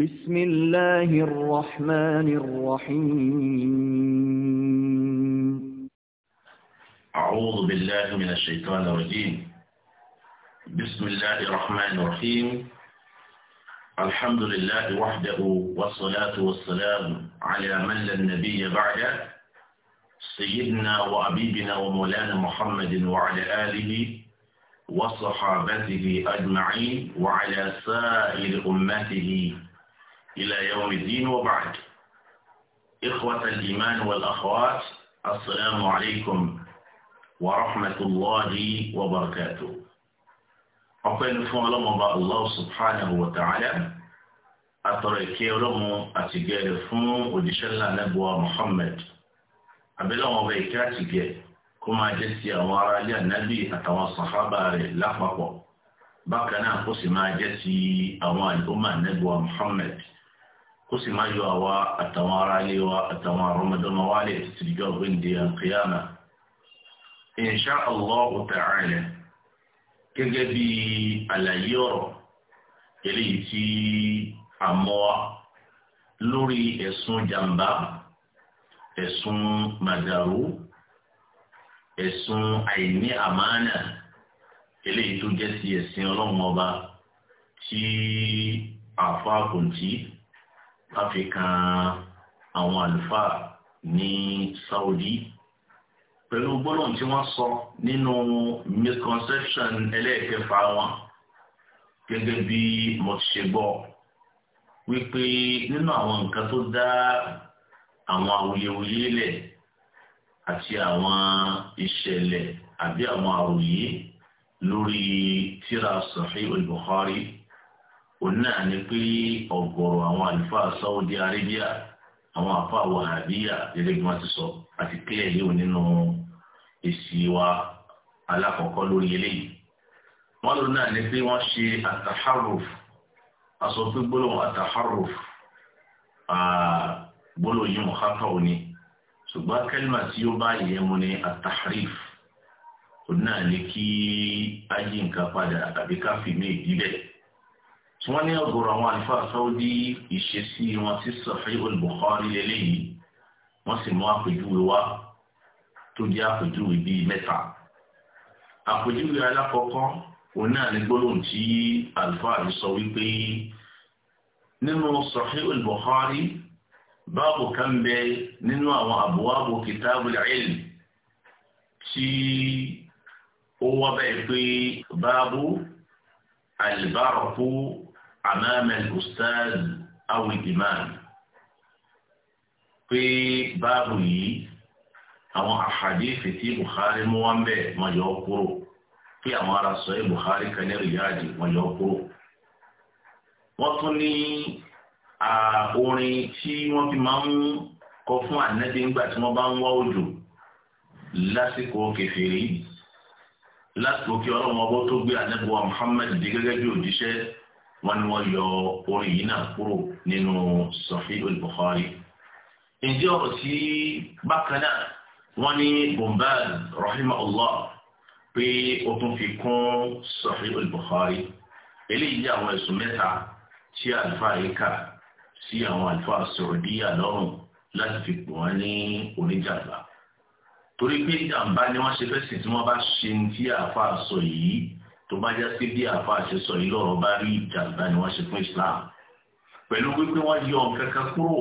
بسم الله الرحمن الرحيم أعوذ بالله من الشيطان الرجيم بسم الله الرحمن الرحيم الحمد لله وحده والصلاة والسلام على من لا نبي بعده سيدنا وأبيبنا ومولانا محمد وعلى آله وصحابته أجمعين وعلى سائر أمته إلى يوم الدين وبعد إخوة الإيمان والأخوات السلام عليكم ورحمة الله وبركاته أقول لكم لما الله سبحانه وتعالى أتركي لما أتجار فم ودشل نبوة محمد أبلا ما بيكاتك كما جسي أمارا لي النبي أتوى الصحابة لفقه بقنا قسم جسي أمار الأمة نبوة محمد kó sì má yọ àwa àtàwọn ará ilé wa àtàwọn àrọ́mọdọ́mọ wa lè ti dìjọ́ gbẹ̀ǹde àkíyàmà insha Allahu ta'ala gẹ́gẹ́ bí àlàyé ọ̀rọ̀ eléyìí tí a mọ́ wa lórí ẹ̀sùn jàǹbá ẹ̀sùn màdàrú ẹ̀sùn àìní àmánà eléyìí tó jẹ́ ti ẹ̀sìn ọlọ́run ọba tí àfa kò tí àfikàn àwọn àlùfáà ní Saudi pẹ̀lú gbólóhùn tí wọ́n sọ nínú misconception ẹlẹ́ẹ̀kẹfà wọn gẹ́gẹ́ bí mo ti ṣe gbọ́ wípé nínú àwọn nǹkan tó dá àwọn awuyewuye lẹ̀ àti àwọn ìṣẹ̀lẹ̀ àbí àwọn àròyé lórí tírà Sahih al-Bukhari òun náà ni pé ọ̀gọ̀rọ̀ àwọn àlùfáà Saudi Arabia àwọn àfáà Wàhábíyà gẹ́gẹ́ bí wọ́n ti sọ àti kílẹ̀ yìí ò nínú èsì wa alákọ̀ọ́kọ́ lórí eléyìí wọ́n lò náà ni pé wọ́n ṣe àtàhárùf aṣọ pé gbólóhùn àtàhárùf gbólóhùn yìí mọ̀háká ò ní ṣùgbọ́n tí ó bá yẹ mu ni àtàhárìf òun ni kí á nǹkan padà àbí ká fi mí ìdílé wọ́n ní ọ̀gọ̀rọ̀ àwọn àlùfáà sáwọ́dí ìṣesí wọn sí Sahih al-Bukhari lélẹ́yìí wọ́n sì mú àpèjúwe wá tó jẹ́ àpèjúwe bíi mẹ́ta. àpèjúwe alákọ̀ọ́kọ́ òun náà ní gbólóhùn tí àlùfáà yìí sọ wípé nínú Sahih al-Bukhari kan bẹ nínú àwọn àbúwábù kitabul ilm tí ó wá bẹ́ẹ̀ pé báàbù al amama al-ustaz aw al-imam pé báàbù yìí àwọn àhàdíìsì tí Bukhari mú wá ń bẹ̀ wọ́n yọ ọ́ kúrò pé àwọn ará sọ ẹ́ Bukhari kan ní Riyadh wọ́n yọ ọ́ kúrò. wọ́n tún ní orin tí wọ́n fi máa ń kọ fún ànábì ńgbà tí wọ́n bá ń wá òjò lásìkò kèfèrí lásìkò kí ọlọ́run ọbọ̀ tó gbé ànábì wa Muhammad di gẹ́gẹ́ bí òjíṣẹ́ wọ́n ní wọ́n yọ orin yìí náà kúrò nínú Sahihul Bukhari. ǹjẹ́ ọ̀rọ̀ tí bákan náà wọ́n ní bombaz rahimahullah pé ó tún fi kún Sahihul Bukhari eléyìí jẹ́ àwọn ẹ̀sùn mẹ́ta tí àlùfáà yìí kà sí àwọn àlùfáà Saudiya lọ́rùn láti fi pò wọ́n ní oníjàmbá torí pé ìjàmbá ni wọ́n ṣe fẹ́ sìn tí wọ́n bá ṣe ní tí àlùfáà sọ yìí tó bá já sí bí àfa àṣesọ yìí lọ́rọ̀ bá rí ìjàmbá ni wọ́n ṣe fún Islam pẹ̀lú wípé wọ́n yọ kankan kúrò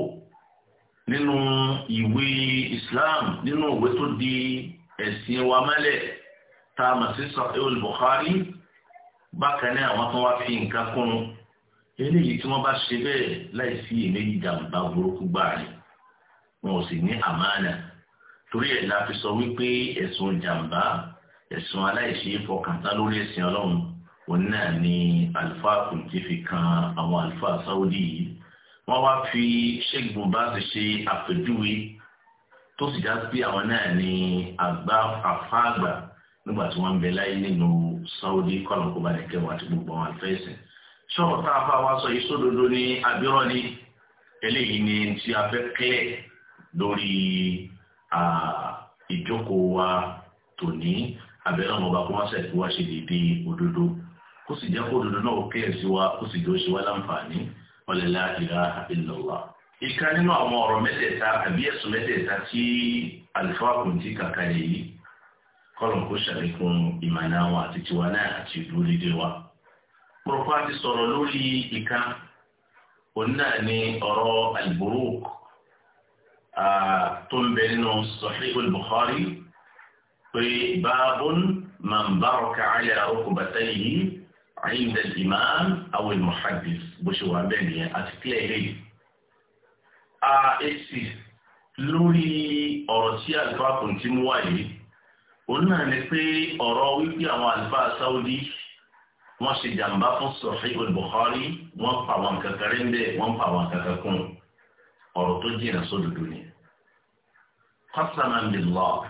nínú ìwé Islam nínú ìwé tó di ẹ̀sìn wa mẹ́lẹ̀ tá a mọ̀ sí Sahih Bukhari bákan náà àwọn tó wá fi nǹkan kún un eléyìí tí wọ́n bá ṣe bẹ́ẹ̀ láì sí èméjì jàmbá burúkú gbáà wọn ò sì ní àmánà torí ẹ̀ la fi sọ wípé ẹ̀sùn jàmbá ẹ̀sùn aláìṣe fọkàntán lórí ẹ̀sìn ọlọ́run òun náà ni àlùfáà kò ti fi kan àwọn àlùfáà sáúdì yìí wọ́n wá fi ṣẹ́gun bá ti ṣe àpèjúwe tó sì já sí àwọn náà ni àgbà àfáàgbà nígbà tí wọ́n ń bẹ láyé nínú sáúdì kọ́lọ̀kó balẹ̀ kẹwàá àti gbogbo àwọn àlùfẹ́sìn ṣọ́ọ̀ tá a fà wá sọ yìí sódodo ní abirọ́ ni eléyìí ni tí a fẹ́ kílẹ̀ lórí ìjókòó wa tòní àbẹ̀rẹ̀ ọmọ ọba kó má ṣàìsí wá ṣe dédé òdodo kó sì jẹ́ kó òdodo náà kílẹ̀ sí wa kó sì jọ ṣe wá láǹfààní ọ̀lẹ́lá ìlà ìlọ̀wà. ìka nínú àwọn ọ̀rọ̀ mẹ́tẹ̀ẹ̀ta àbí ẹ̀sùn mẹ́tẹ̀ẹ̀ta tí àlùfáà kò tí kàkà lè yí kọ́lọ̀ kó ṣàlékún ìmọ̀nà wa àti tiwa náà àti ìdúró wa. pọ̀rọ̀pá ti sọ̀rọ̀ lórí ìka òun náà pé báàbùn máa ń bá ọkà ayé àròkò bàtà yìí àyíǹda jìmá àwọn muhaddis bó ṣe wà bẹ́ẹ̀ nìyẹn àti kílẹ̀ eléyìí. a èsì lórí ọ̀rọ̀ tí àlùfáà kò ti mú wá yìí òun náà ni pé ọ̀rọ̀ wípé àwọn àlùfáà sáúdí wọ́n ṣe jàǹbá fún Sahih al wọ́n pa àwọn kankan rẹ̀ wọ́n pa àwọn kankan kún ọ̀rọ̀ tó jìnnà sódodo ni. qasaman billah.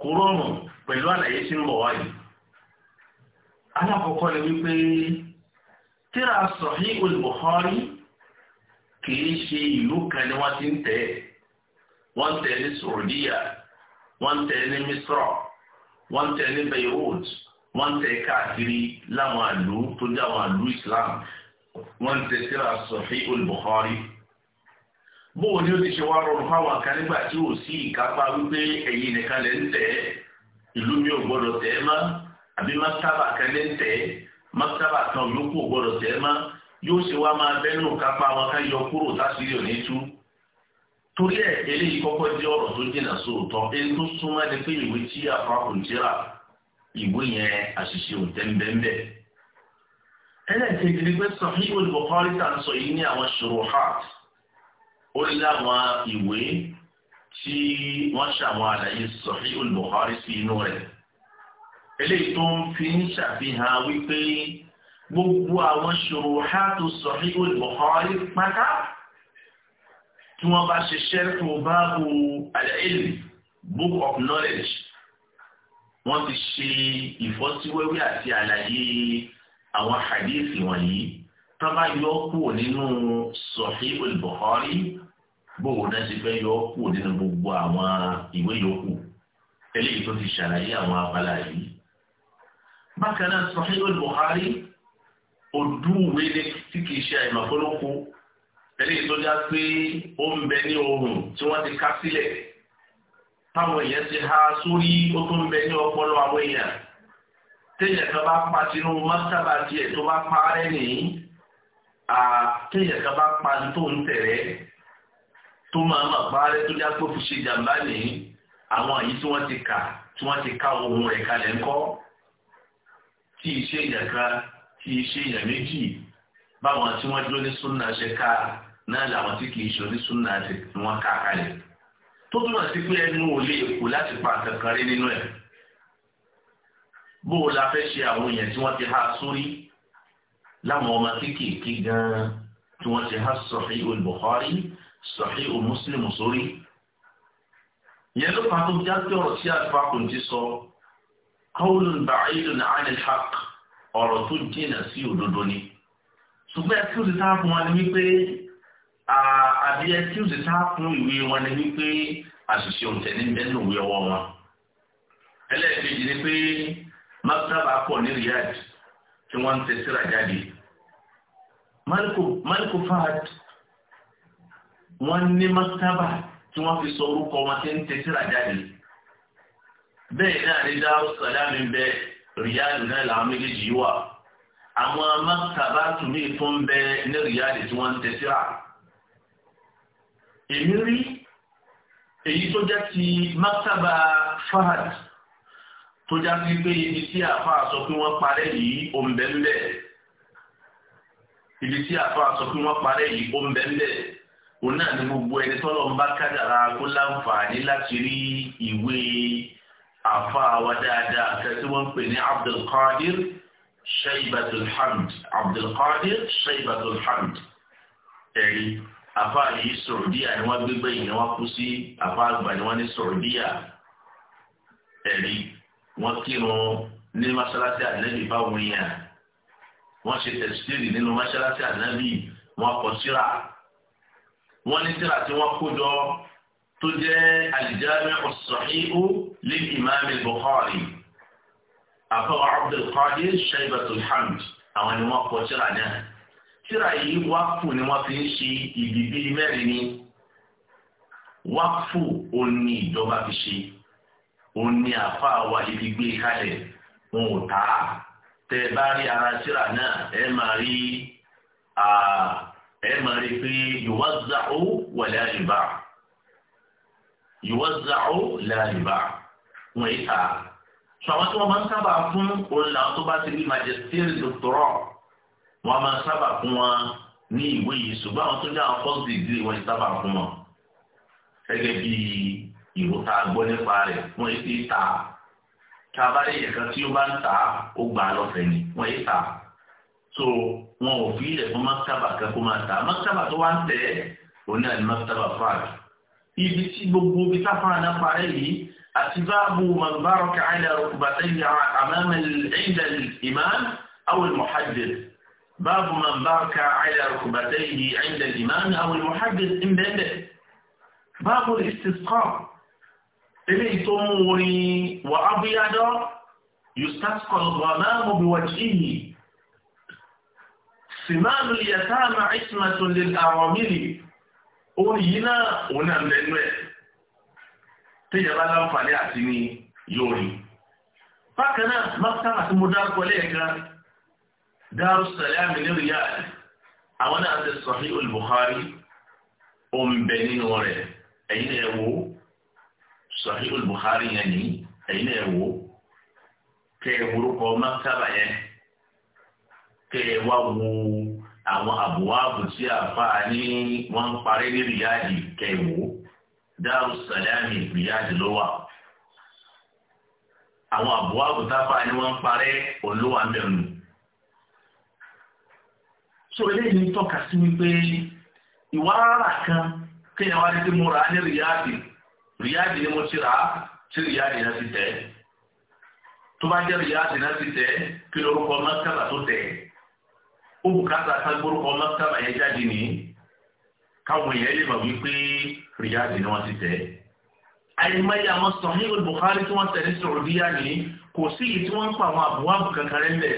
kò rọrùn pẹ̀lú àlàyé tí ń bọ̀ wáyé. alákọ̀ọ́kọ́ ni wípé tíra Sahihul Bukhari kìí ṣe ìlú kan ni wọ́n ti ń tẹ̀ wọ́n tẹ̀ ní Saudiya wọ́n tẹ̀ ní Misra wọ́n tẹ̀ ní Beirut wọ́n tẹ̀ káàkiri láwọn àlù tó dá àwọn àlù Islam wọ́n tẹ̀ tíra Sahihul Bukhari. bóò ni o ti ṣe wá rọrùn fáwọn kan nígbà tí ò sí ìkápá wípé ẹ̀yin nìkan lè ń tẹ̀ ìlú mi ò gbọ́dọ̀ tẹ̀ mọ́ àbí mọ́tàbà kan lè ń tẹ̀ mọ́tàbà kan yòókù ò gbọ́dọ̀ tẹ̀ mọ́ yóò ṣe wá máa bẹ́nu wọn ká yọ kúrò láṣìírí òní tú. torí ẹ̀ eléyìí kọ́kọ́ jẹ́ ọ̀rọ̀ tó sóòótọ́ ẹni tó súnmọ́ ni pé ó ní láwọn ìwé tí wọ́n ṣàwọn àlàyé Sahih al-Bukhari sí inú rẹ̀ eléyìí tó ń fi ń ṣàfihàn wípé gbogbo àwọn ṣuruhatu Sahih al-Bukhari pátá tí wọ́n bá ṣe ṣẹ́kù báàbù al-ilm book of knowledge wọ́n ti ṣe ìfọ́síwẹ́wẹ́ àti àlàyé àwọn hadith wọ̀nyí tọ́ba yọ kúrò nínú Sahih al-Bukhari bóun náà ti fẹ́ yọ kúrò nínú gbogbo àwọn ìwé yòókù eléyìí tó ti ṣàlàyé àwọn abala yìí. bákan náà Sahih al-Bukhari odúwe ní tí kì í ṣe àìmọ̀kólókó eléyìí tó já pé ó ń bẹ ní ohun tí wọ́n ti ká sílẹ̀ táwọn èèyàn ti há sórí ó tó ń bẹ ní ọpọlọ àwọn èèyàn téèyàn kan bá pa sínú mọ́sábà tiẹ̀ tó bá pa á rẹ́ nìyí àkéèyàn kan bá pa ní tó ń tẹ̀rẹ́ tó máa máa bá rẹ tó jápé òfin ṣe jàmbá ní àwọn àyí tí wọ́n ti kà tí wọ́n ti ká ohun rẹ̀ kalẹ̀ ńkọ́ tí ìṣe èèyàn kan tí ìṣe èèyàn méjì báwọn tí wọ́n dúró ní súnà ṣe ká náà làwọn tí kì í ṣe onísúnà ṣe wọ́n ká kalẹ̀ tó túmọ̀ sí pé ẹnu ò lè kú láti pa kankan rí nínú ẹ̀ bó o la fẹ́ ṣe àwọn èèyàn tí wọ́n ti há sórí láwọn ọmọ kéékèèké gan-an tí wọ́n ti há Sahih al-Bukhari Sahih Muslim sórí. ìyẹn ló fàá tó já pé ọ̀rọ̀ tí àlùfáà kò ti sọ qawlun ba'idun 'an al-haqq ọ̀rọ̀ tó jìnnà sí òdodo ni. ṣùgbọ́n ẹ kí o ti sáà fún wọn ni wípé àbí ẹ kí o ti sáà fún ìwé wọn ni wípé àṣìṣe òǹtẹ̀ní bẹ́ẹ̀ ní òwe ọwọ́ wọn. ẹlẹ́ẹ̀kejì ni pé mákítàbà pọ̀ ní Riyadh tí wọ́n ń ṣe síra jáde Maliku Maliku Fahad wọ́n ní maktaba tí wọ́n fi sọ orúkọ wọn tí ń ṣe síra jáde bẹ́ẹ̀ náà ní dáhùn sàlámì bẹ́ẹ̀ ríyáàdù náà làwọn méjèèjì wà àwọn maktaba tùmí tó ń bẹ ní riyadi tí wọ́n ń tẹ̀síra èmi rí èyí tó jẹ́ ti maktaba fahad tó já sí pé ibi tí àáfàá sọ pé wọ́n parẹ́ yìí ó ń bẹ ńbẹ̀ ibi tí àáfàá sọ pé wọ́n parẹ́ yìí ó ń bẹ ńbẹ̀ òun náà ni gbogbo ẹni tọ́lọ̀ ń bá kádàrá kó láǹfààní láti rí ìwé àáfàá wa dáadáa kan tí wọ́n ń pè ní Abdulkadir Shaibatul Hamd Abdulkadir Shaibatul Hamd ẹ̀rí àáfàá yìí Saudiya ni wọ́n gbégbé yìí ni wọ́n kú sí àáfàá àgbà ni wọ́n ní Saudiya ẹ̀rí wọ́n kírun ní mọ́ṣáláṣí ànábì báwọn yẹn wọ́n ṣe tẹ̀síìrì nínú mọ́ṣáláṣí ànábì wọ́n kọ síra wọ́n ní síra tí wọ́n kó jọ tó jẹ́ alìjáde as-sahihu lil imam al-bukhari àfọwọ́ abdulkadir shaibatul hamd àwọn ni wọ́n kọ síra náà síra yìí wákù ni wọ́n fi ń ṣe ibi bíi mẹ́rin ni wákù òní ìjọba fi ṣe òun ni àfa àwa ibi gbé kalẹ̀ wọn ò tà á tẹ ẹ bá rí ara síra náà ẹ máa rí ẹ máa rí pé yòówá zàó wọlé àyùbá yòówá zàó lẹ àyùbá wọn ì tà á sọ àwọn tí wọn máa ń sábà fún òun tó bá ti rí magistéèrè dòkítọrọ wọn máa ń sábà fún wọn ní ìwé yìí ṣùgbọ́n àwọn tó ní àwọn fọ́ọ̀sì ìdílé wọn ti sábà fún wọn gẹ́gẹ́ bíi. ìwò tá a gbọ́ nípa rẹ̀ wọ́n yé ti tà á tá a bá rí ẹ̀ka tí ó bá ń tà á ó gbà á lọ́fẹ̀ẹ́ ni wọ́n yé tà á so wọn ò fi ilẹ̀ fún mọ́tàbà kan kó máa tà á mọ́tàbà tó wá ń tẹ̀ ẹ́ òun náà ni mọ́tàbà fáàdì ibi tí gbogbo ibi fara náà parẹ́ yìí àti báàbù mọ̀nbárọ̀kà àìlẹ̀ rọ̀kùbàtẹ́yìn àmàmẹ́ ẹ̀yìnlẹ̀ ìmáàmù àwọn mọ̀hàdìrì باب من بكى على ركبتيه عند الإمام أو المحدث إن بابه باب الاستسقاء eléyìí tó mú orin wà ábúyádọ́ yustasqal ghamamu biwajhihi sìmáàlù yatama ismatun lil aramili orin yìí náà òun náà lẹ́nu ẹ̀ téèyàn bá láǹfààní àti ní yóò rí bákan náà mọ́tàkà tí mo dárúkọ lẹ́ẹ̀kan Darussalam ní Riyadh àwọn náà ti Sahih al òun bẹ nínú rẹ̀ ẹ̀yin ẹ̀ Sahihul Bukhari yẹn ní ẹ̀yin náà wò kẹ́ ẹ wúrúkọ mọ́tàbà yẹn kẹ́ ẹ wá wo àwọn àbúwáàbù tí àfáà ní wọ́n ń parí ní Riyadi kẹ́ ẹ wò Dáàrú Sàlámì Riyadi ló wà àwọn àbúwáàbù táfáà ní wọ́n ń parí olówà mẹ́rin so eléyìí tọ́ka sí wípé ìwárà kan kéèyàn wá ní kí mo ní Riyadi ríyáàdì ni mo ti rà á tí ríyáàdì náà ti tẹ̀ tó bá jẹ́ ríyáàdì náà ti tẹ̀ kí lórúkọ mọ́tàbà tó tẹ̀ ó bùkátà ká gbórúkọ mọ́tàbà yẹn jáde ní káwọn èèyàn lè mọ̀ wípé ríyáàdì ni wọ́n ti tẹ̀ àyìnbáyé àwọn Sahih Bukhari tí wọ́n tẹ̀ ní Saudiya ní kò sí èyí tí wọ́n ń pa àwọn àbúwábù kankan rẹ̀ lẹ̀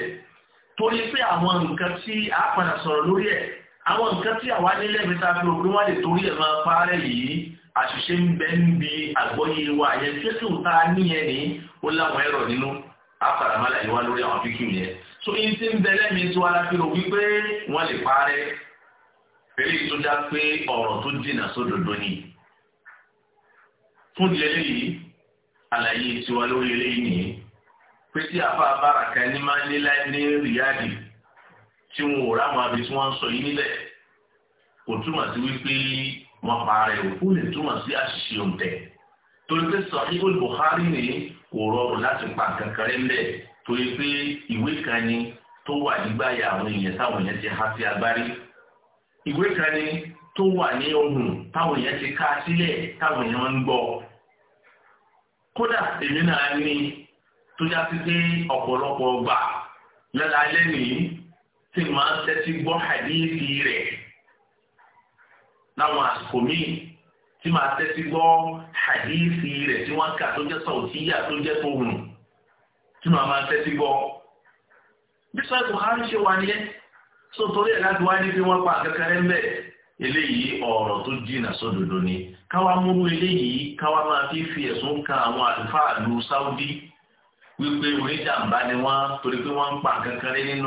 torí pé àwọn nǹkan tí a padà sọ̀rọ̀ lórí ẹ̀ àwọn nǹkan tí àwa nílẹ̀ mi ta fi òpin wá lè torí ẹ̀ máa parẹ́ yìí àṣìṣe ń bẹ níbi àgbọ́yé wa yẹn tí ó sì ń ta ní yẹn ní ó láwọn ẹ̀rọ nínú àfàràmálà yìí wá lórí àwọn fíkì yẹn tó yín ti ń bẹ lẹ́mìí tí wọ́n á fi rò wípé wọ́n lè parẹ́ eléyìí tó dá pé ọ̀rọ̀ tó dènà sódodo ni fún ìdílé yìí àlàyé tiwa lórí eléyìí nìyí pé tí àfa abáraka ní máa ń lé láì ní rìádì tí wọn ò ráwọn abẹ tí wọn ń sọ yìí níbẹ̀ kò túmọ̀ sí wípé wọn parẹ́ òkú lè túmọ̀ sí àṣìṣe òǹtẹ̀ torí pé Sahihul Bukhari ni kò rọrùn láti pa kankan lẹ́lẹ̀ torí pé ìwé kan ni tó wà nígbàyà àwọn èèyàn táwọn èèyàn ti há sí agbárí ìwé kan ni tó wà ní ohun táwọn èèyàn ti ká sílẹ̀ táwọn èèyàn ń gbọ́ kódà èmi náà tó na àsìkò míì tí màá tẹ́tí gbọ́ hadithi rẹ̀ tí wọ́n kà tó jẹ́ sàwùtíyà tó jẹ́ tóhùn tí màá máa tẹ́tí gbọ́. Buhari ṣe wà nílẹ̀ sọ torí ẹ̀ láti bí wọ́n pa àkẹ́kẹ́rẹ́ ń bẹ̀ eléyìí ọ̀rọ̀ tó jìnnà sódodo ni káwa múrú eléyìí káwa fi fi ẹ̀sùn kan àwọn àlùfáà lu Saudi wípé oníjàmbá ni wọ́n torí pé wọ́n ń pa àkẹ́kẹ́rẹ́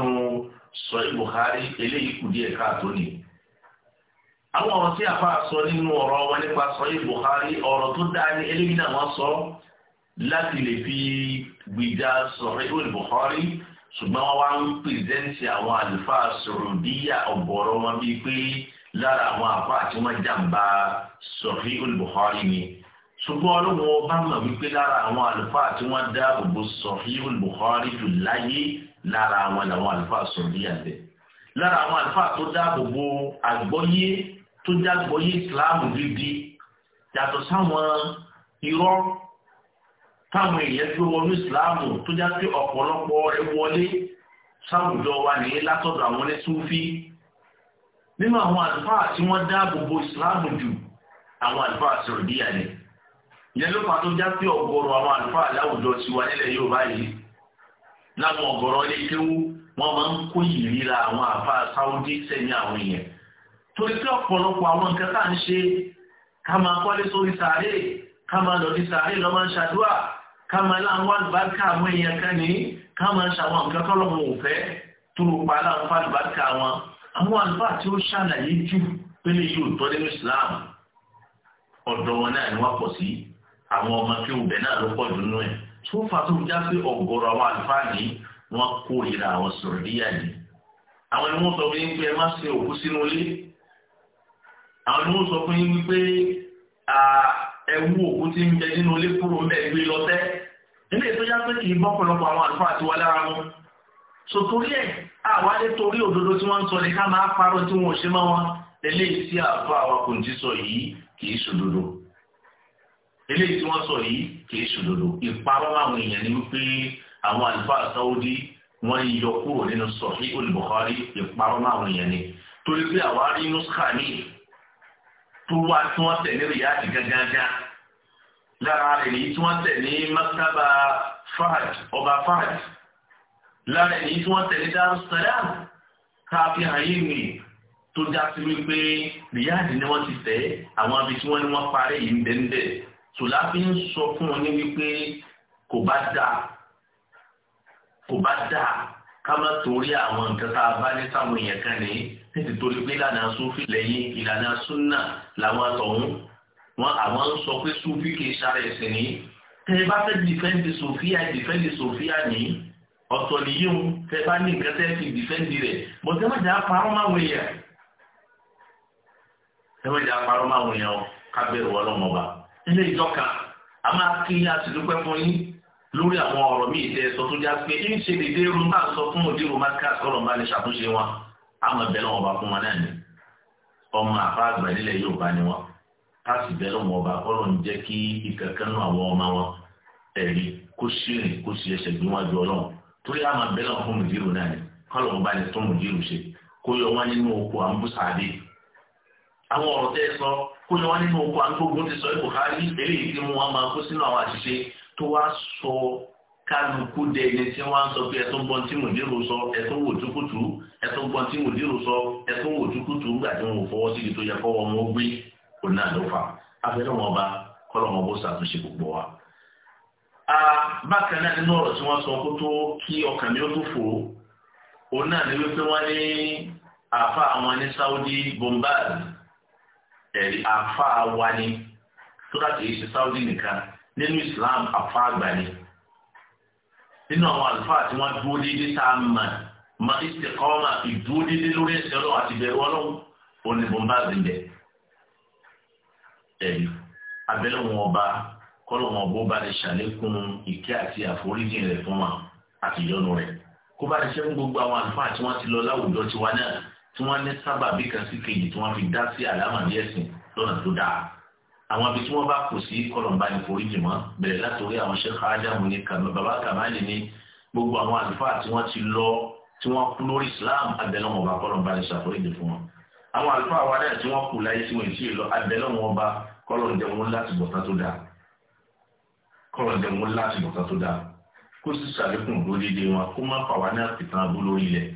eléyìí kù díẹ̀ káàtó nìyí àwọn ọ̀rọ̀ tí àfa sọ nínú ọ̀rọ̀ wọn nípa sọ́yìn Bukhari ọ̀rọ̀ tó dáa ní eléyìí náà wọ́n sọ láti lè fi gbìjà sọ́yìn Bukhari ṣùgbọ́n wọ́n wá ń pèsèǹtì àwọn àlùfáà Saudiya ọ̀bọ̀rọ̀ wọn bíi pé lára àwọn àfa tí wọ́n jàǹbá sọ́yìn Bukhari ni ṣùgbọ́n ọlọ́wọ́ bá mọ̀ wípé lára àwọn àlùfáà tí wọ́n dá gbogbo sọ́yìn Bukhari jù láyé lára àwọn làwọn àlùfáà Saudiya bẹ́ẹ̀ lára àwọn àlùfáà tó dá gbogbo àgbọ́yé tó jágbọ́ yí ìsìláàmù gidi yàtọ̀ sáwọn irọ́ táwọn èèyàn tó wọnú ìsìláàmù tó já pé ọ̀pọ̀lọpọ̀ ẹ wọlé sáwùjọ wa nìyí látọ̀dọ̀ àwọn onísúfí nínú àwọn àlùfáà tí wọ́n dáàbò bo ìsìláàmù jù àwọn àlùfáà sọ̀rọ̀ díyà ni ìyẹn ló fà tó já pé ọ̀gọ̀rọ̀ àwọn àlùfáà láwùjọ tiwa nílẹ̀ Yorùbá yìí láwọn ọ̀gọ̀rọ̀ ilé kéwú wọ́n máa ń kó ìríra àwọn àfáà Sáúdí sẹ́yìn àwọn èèyàn torí pé ọ̀pọ̀lọpọ̀ àwọn nǹkan tá à ń ṣe ká máa kọ́lé sórí sàárè ká máa lọ sí sàárè lọ́ máa ń ṣàdúrà ká máa láwọn àlùbáríkà àwọn èèyàn kan ní ká máa ṣàwọn nǹkan tọ́lọ́mù òfẹ́ tó ló pa láwọn àlùbáríkà wọn àwọn àlùbá tí ó ṣàlàyé jù pélé yóò tọ́ nínú Islam ọ̀dọ̀ wọn náà ni wọ́n pọ̀ sí àwọn ọmọ kí òbẹ̀ náà ló pọ̀ jù nínú ẹ̀ tó fà tó já pé ọ̀gọ̀rọ̀ àwọn àlùfáà ní wọ́n kórìíra àwọn sọ̀rọ̀ díyà yìí àwọn ni wọ́n sọ pé ń má ṣe òkú sínú ilé àwọn ni wọ́n sọ fún yín wípé ẹ̀wù òkú ti ń bẹ nínú ilé kúrò ń bẹ̀ gbé lọ́tẹ́ ilé tó yá pé kì í bọ́pọ̀lọpọ̀ àwọn àlùfáà àti wà lára wọn so torí ẹ̀ àwálé torí òdodo tí wọ́n ń sọ ní ká máa parọ́ tí wọ́n ò ṣe mọ́ wọn eléyìí tí àlùfáà wa kò ti sọ yìí kì í ṣòdodo eléyìí tí wọ́n sọ yìí kì í ṣòdodo ìparọ́ àwọn èèyàn ni wípé àwọn àlùfáà sáwọ́dí wọ́n yọ kúrò nínú Sahih al-Bukhari àwọn èèyàn ni torí pé àwa rí tó wá tí wọ́n tẹ̀ ní rìyáàdì gángan lára rẹ̀ ní tí wọ́n tẹ̀ ní maktaba fahad ọba fahad lára èyí tí wọ́n tẹ̀lé Darussalam káàfi àyè mi tó já sí wípé Riyadh ni wọ́n ti tẹ̀ àwọn abí tí wọ́n ní wọ́n parí yìí ńbẹ́ńbẹ́ tó láfi ń sọ fún wọn ní wípé kò bá dà kò bá dà ká má torí àwọn nǹkan tá a bá ní sáwọn èèyàn kan ní nítorí pé ìlànà sófì lẹ́yìn ìlànà súnà làwọn àtọ̀hún wọn àwọn ń sọ pé sófì kì í sára ẹ̀sìn ní tẹ́ bá fẹ́ dìfẹ́ǹdì sòfíà dìfẹ́ǹdì sòfíà ní ọ̀tọ̀ nìyí o tẹ́ bá ní nǹkan tẹ́ fi dìfẹ́ǹdì rẹ̀ bọ̀tẹ́ má jà parọ́ máa wọ èèyàn tẹ́ má parọ́ máa wọ èèyàn o kábẹ́rù ọlọ́mọba ilé ìjọka a máa kí àtìlúpẹ́ fún yín lórí àwọn ọ̀rọ̀ míì àmọ́ bẹ́ẹ̀ lọ́wọ́ ọba fún wọn náà ni ọmọ àfa àgbà nílẹ̀ wọn káàsì ọba kọ́lọ̀ ń jẹ́ kí ọma àwọn ọmọ wọn ẹ̀rí kó ṣìrìn kó ṣe ẹsẹ̀ gbé wọn torí àmọ́ bẹ́ẹ̀ lọ́wọ́ fún mùdírù náà ni kọ́lọ̀ ń bá ní tún mùdírù ṣe kó yọ wọn nínú oko àwọn ọ̀rọ̀ sọ kó yọ wọn nínú oko kálukú dé ẹni tí wọ́n sọ pé ẹtún gbọ́n tí mò ń dérò sọ ẹtún wò túkùtù ẹtún gbọ́n tí mò ń dérò sọ ẹtún wò túkùtù ńgbà tí wọn fọwọ́ sí ibi tó yẹ wọn gbé òun náà ló fà abẹ́rẹ́ wọn bá kọ́lọ́ wọn bó ṣàtúnṣe gbogbo wa. a bákan náà nínú ọ̀rọ̀ tí wọ́n sọ kó tó kí ọkàn mi ó tó fò òun náà ní wípé wọ́n ní àfa àwọn ní Saudi Bombay ẹ̀rí àfa wa ni tó dà kì ṣe Saudi nìkan nínú Islam àfa àgbà ni nínú àwọn àlùfáà tí wọ́n dúró déédéé tá a mọ̀ mọ ìsìkọ́mà ìdúró déédéé lórí ẹ̀sìn ọlọ́run àti ìbẹ̀rù ọlọ́run òun ni bọ́ńbà rí bẹ̀. ẹ̀yìn abẹ́lẹ̀ wọn ọba kọ́lọ̀ wọn bó bá ní ṣàlékún ìkẹ́ àti àforíjì rẹ̀ fún wa àti ìyọnu rẹ̀ kó bá ní ṣẹ́gun gbogbo àwọn àlùfáà tí wọ́n ti lọ láwùjọ tiwa náà tí wọ́n ní sábàbí kan sí kejì tí wọ́n fi dá sí àlámà ní ẹ̀sìn lọ́nà tó dáa àwọn ibi tí wọ́n bá kù sí kọlọ̀mbá ní forí jìmọ́ bẹ̀rẹ̀ látòrí àwọn sheikh adamu ní baba kamali ní gbogbo àwọn àlùfáà tí wọ́n ti lọ tí wọ́n kú lórí islam abẹ́lọ́mọ ọba kọlọ̀mbá ní ṣàforíjì fún wọn. àwọn àlùfáà wa náà tí wọ́n kù láyé tí wọ́n ti lọ abẹ́lọ́mọ ọba kọlọ̀njẹ wọn láti bọ̀tá tó dáa kọlọ̀njẹ wọn láti bọ̀tá tó dáa kó sì ṣàlékún lórílẹ̀ wọn kó má fà wá ní àpìtàn abúlórí ilẹ̀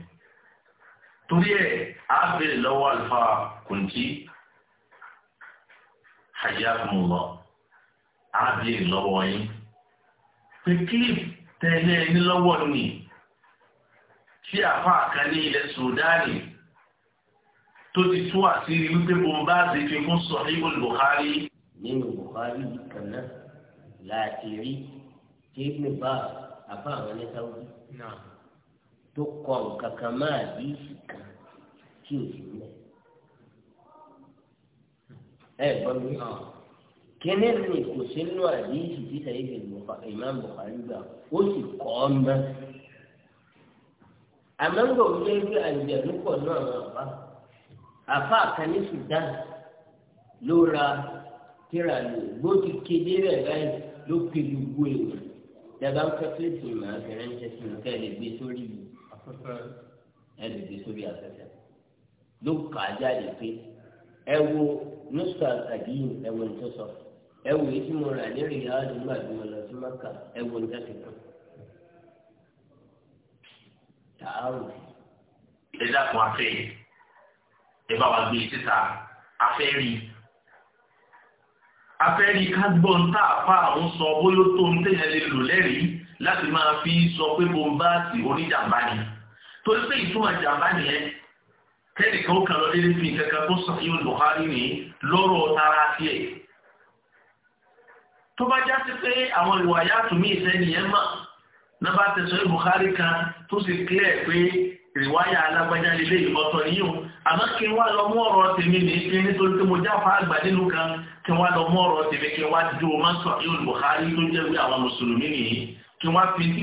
torí ẹ̀ á bèrè àlùfáà kùntì hayyakumullah ábíyè lọ́wọ́ yín pé clip tẹ̀lé ní lọ́wọ́ ni tí àfa kan ní ilẹ̀ sudani tó ti tú àṣírí wípé bombazi fi fún Sahihul Bukhari. nínú Bukhari kan náà láti rí tí bá àfa àwọn ní sáwùdí tó kọ nǹkan kan máa bí ìsìn kan tí ò sí mẹ́ ẹ gbọ́ mi hàn ni kò sí nínú àdéhìí tí sẹ́yìn Imam Bukhari gbà ó sì kọ́ ọ́ mọ́ àmọ́ngbà òjò ibi àlùjẹ̀dù pọ̀ náà wọn àbá àfa àkànní Sudan ló ra tíra lò bó ti kéde rẹ̀ báyìí ló pe gbogbo èèyàn dábàá ń fẹ́ pílẹ̀tì ìmọ̀ àfẹ́rẹ́ ń tẹ̀sí nǹkan ẹ̀ ẹ̀ lè gbé sórí afẹ́fẹ́ ló kà á jáde pé ẹ wo musa adiyin ẹ̀wọ̀n tó sọ ẹ̀wọ̀n yìí tí mo rà ní rìyà àdúgbò àdúgbò lọ sí maka ẹ̀wọ̀n tó ti kàn. tààrù. ẹ dákun afẹ́ ẹ bá wa gbé e síta afẹ́ rí afẹ́ rí ká gbọ́ ń tà fà ń sọ bóyá tó ń tẹ̀yẹ̀ lè lò lẹ́rìí láti máa fi sọ pé bombaasi oníjàmbá ni torí pé ìtumọ̀ jàmbá nìyẹn kẹ́rì kan ó kàn lọ dédé fi kankan tó sàn yóò Bukhari ní lọ́rọ̀ tara tiẹ̀ tó bá já sí pé àwọn ìwà yàtọ̀ mí ìsẹ́niyẹn mà náà bá tẹ̀sán Bukhari kan tó sì clear pé ìwáyà alágbájá lílé ìbọ̀tọ̀ yíò àmọ́ kí wá lọ mú ọ̀rọ̀ tèmi ní kí nítorí tí mo jáfà àgbà nínú kan kí wá lọ mú ọ̀rọ̀ tèmi kí wá jó má sọ yóò Bukhari tó jẹ́ wí àwọn mùsùlùmí nìyí kí wá fi tí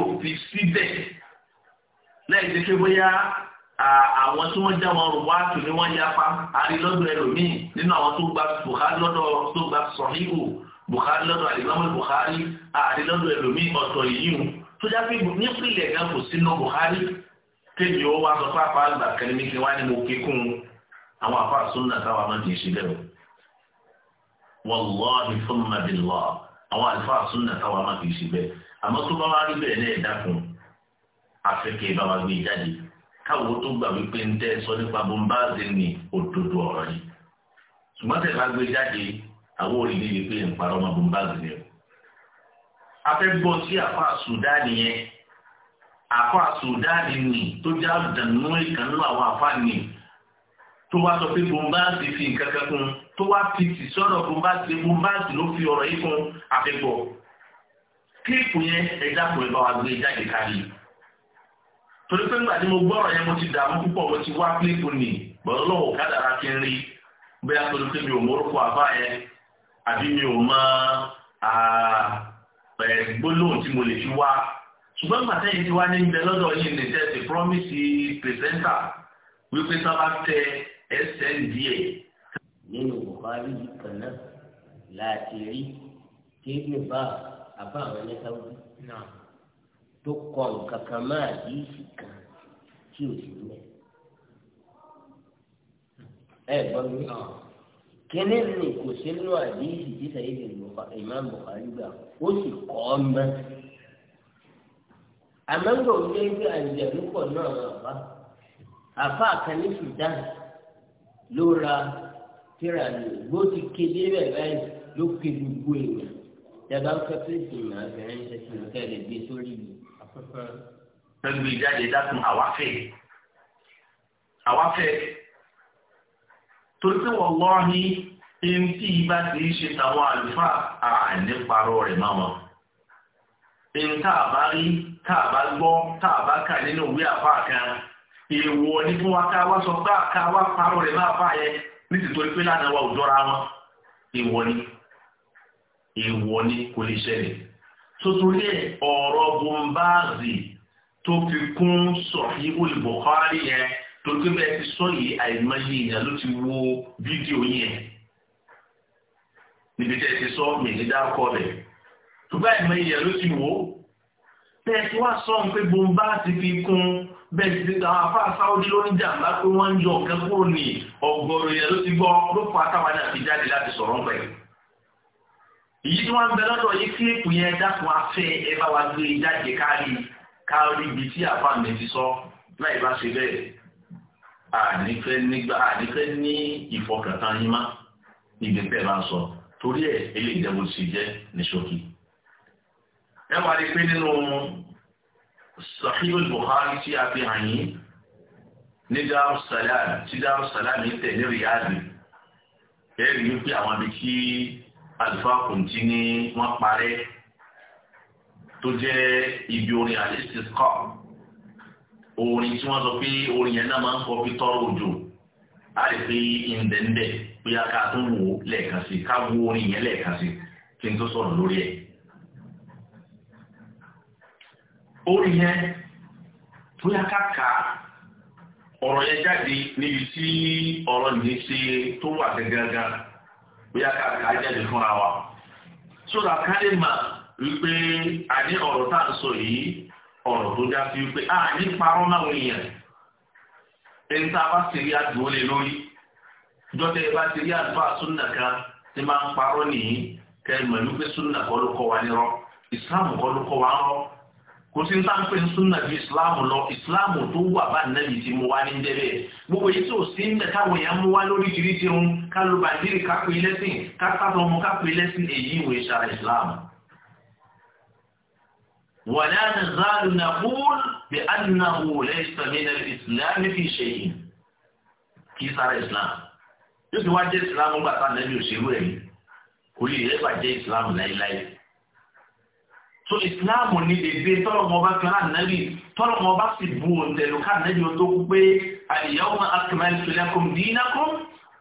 ò fi síbẹ̀ lẹ́yìn tí pé àwọn tí wọ́n já wọn rò wá tù ní wọ́n yapa àrí lọ́dọ̀ ẹlòmíì nínú àwọn tó gba Bukhari lọ́dọ̀ tó gba sọ̀híhù Bukhari lọ́dọ̀ àdìgbàmọ́ Bukhari àrí lọ́dọ̀ ẹlòmíì ọ̀tọ̀ yìí o tó já pé nípìnlẹ̀ gan kò sínú Bukhari kébi ó wá sọ fún apá àgbà kẹrin ní kí wá ní mo ké kún àwọn apá sunna táwa máa ti ṣe bẹ́ẹ̀ wallahi thumma billah fún afẹ́kẹ́ káwọn tó gbà wípé ń tẹ́ sọ nípa bombaazi ní òdodo ọ̀rọ̀ yìí ṣùgbọ́n tẹ̀ bá gbé jáde àwọn òrìlẹ̀ yìí pé ń parọ́ ọmọ bombaazi ni o. afẹ́gbọ́ sí àfa Sudani yẹn àfa Sudani ni tó já dànù ìkànnì àwọn àfa ni tó wá sọ pé bombaazi fi nǹkan kan kún tó wá fi tì sọ́dọ̀ bombaazi bombaazi ló fi ọ̀rọ̀ yìí kún afẹ́gbọ́. kílípù yẹn ẹ̀dá kò ẹ bá wa gbé jáde kárí yìí torí pé nígbà tí mo gbọ́ ọ̀rọ̀ yẹn mo ti dààmú púpọ̀ mo ti wá pílẹ̀kù nì bọ́ọ̀ lọ́wọ́ kádàrá ti ń rí bóyá torí pé mi ò mórúkọ àbá yẹn àbí mi ò mọ gbólóhùn tí mo lè fi wá ṣùgbọ́n gbàtẹ́yìn ti wá ní ibẹ̀ lọ́dọ̀ yìí ní tẹ́sí promise pẹ̀sẹ́ńtà wípé sábà tẹ ẹsẹ̀ díẹ̀. nínú buhari kan náà láti rí kébì bá àbá àwọn ẹlẹ́sàwọ́ tó kọ nǹkan kan máa dí ìsì kan tí o sí mẹ. ẹ gbọ́ mi ah. kíní ni kò sínú àdéhìí tí sàyẹ́dì Imam Bukhari gbà ó sì kọ́ ọ mọ́. àmọ́ ń gbọ́dọ̀ gbé gbé àjẹ̀lú pọ̀ náà àbá àfa àkànní Sudan ló ra tíra ní gbó ti kéde bẹ́ẹ̀ báyìí ló kéde gbó èèyàn yàtọ̀ fẹ́ pé ìsìn àgbẹ̀rẹ̀ ń tẹ̀sí nǹkan ẹ̀ gbé sórí yìí. pẹ̀lú ìjáde dákun àwáfẹ́ àwáfẹ́ torí pé wọ́n lọ́ ní tí ìbá ti ń ṣe tàwọn àlùfáà àìníparọ́ rẹ̀ máa wọn ẹni a bá rí bá gbọ́ tá bá kà nínú ìwé àpá kan èèwọ̀ ní fún wa ká wá sọ pé àká wá parọ́ rẹ̀ máa bá nítorí pé lánàá wa ò jọra wọn èèwọ̀ ni èèwọ̀ ni kò lè tuntun ní e, ọ̀rọ̀ bombazi tó fi kún Sahihul Bukhari yẹn tó gbé bẹ́ẹ̀ ti sọ yìí àìmọye èèyàn ló ti wo fídíò yẹn níbi tẹ́ ti sọ mí ní dákọ̀ rẹ̀ tó bá àìmọye èèyàn ló ti wò ó bẹ́ẹ̀ tí wàá sọ pé bombazi fi kún bẹ́ẹ̀ ti àwọn afá sáwọ́dí ló ní pé wọ́n ń yọ ọ̀gá kúrò ní ọgọ́rùn-ún yẹn ló ti gbọ́ ló fọ èyí tí wọ́n ń bẹ lọ́dọ̀ yìí kílípù yẹn dákun afẹ́ ẹ bá wa gbé jáde kárí kárí ibi tí àfààní ti sọ láì bá ṣe bẹ́ẹ̀ ànífẹ́ nígbà ànífẹ́ ní ìfọkàntán yín má níbi tẹ́ bá ń sọ torí ẹ̀ eléyìí dẹ́wọ́ sì jẹ́ ní ṣókí. ẹ wà rí pé nínú Sahihul Bukhari tí a fi hàn yín ní Darussalam tí Darussalam yìí tẹ̀ ní Riyadh ẹ rí i pé àwọn ibi àlùfáà kùntì ni wọ́n parí tó jẹ́ ibi orin àlẹ́sìkọ́ orin tí wọ́n sọ pé orin yẹn náà máa ń kọ́ fi tọ́rọ òjò a lè fi ìǹdẹ̀ǹdẹ̀ bóyá ká tún wò ó lẹ́ẹ̀kan sí ká wo orin yẹn lẹ́ẹ̀kan sí kí n tó sọ̀rọ̀ lórí ẹ̀. orin yẹn bóyá ká kà ọ̀rọ̀ yẹn jáde níbi tí ọ̀rọ̀ nìyí ṣe tó wà gẹ́gẹ́ gẹ́gẹ́ bóyá ká ká jáde fúnra wa sódà kárí mà wípé àní ọ̀rọ̀ tá à ń sọ yìí ọ̀rọ̀ tó já sí wípé àní ah, parọ́ náwọn èèyàn ẹni tá a bá ṣe rí àdúró lé lórí jọ́tẹ̀ ẹ bá ṣe rí àdúrà súnà kan tí máa ń parọ́ nìyí kẹ́ ẹ mọ̀ wípé súnà kọ́ ló kọ́ wa nírọ́ ìsìláàmù kọ́ ló kọ́ wa ń kò sí nípa pé súnà ju ìsìláàmù lọ ìsìláàmù tó wà bá nẹ́bì tí mo wá ní jẹ́bẹ̀ gbogbo yìí tí ò sí ń bẹ̀ táwọn èèyàn mú wá lórí kiri ti hun ká ló bá ìdírí ká pè lẹ́sìn ká sábà ọmọ ká pè lẹ́sìn èyí ìwé ìṣàrà ìsìláàmù. wàlá ní záàlù náà bóòlù bí annahu laysa min al-islam fi shay'in kì í sára ìsìláàmù yóò ti wá jẹ́ ìsìláàmù gbàtà nẹ́bì òṣèlú ẹ̀mí kò lè rẹ́ bàjẹ́ ìsìláàmù láíláí so islam ní dédé tọ́lọ̀mọ́ bá kan ànábì tọ́lọ̀mọ́ bá sì bu òǹtẹ̀lù ká ànábì tó kú pé al-yawma akmaltu lakum dinakum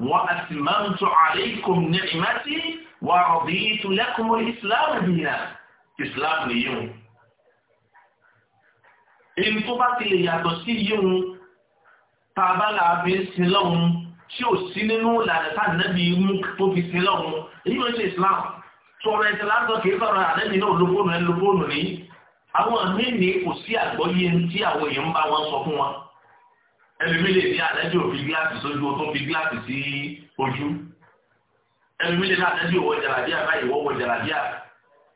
wa atmamtu alaykum ni'mati wa raditu lakum al-islam dinan islam nìyí o èyí tó bá ti lè yàtọ̀ sí yíhun tá a bá làbí sin tí ò sí nínú ìlànà tá mú tó fi sin èyí ló ń ṣe islam sọ̀rọ̀ ẹ̀sẹ̀ lásán kìí sọ̀rọ̀ àlẹ́bí náà lo fóònù ẹ̀ ni, fóònù ní àwọn mímì kò sí àgbọ́yé tí àwọn èèyàn ń bá wọn sọ fún wọn ẹlòmí lè ní àlẹ́bí òfin gíláàsì sójú o tó ń fi gíláàsì sí ojú ẹlòmí lè ní àlẹ́bí òwò jàlàbíà báyìí wọ́wọ́ jàlàbíà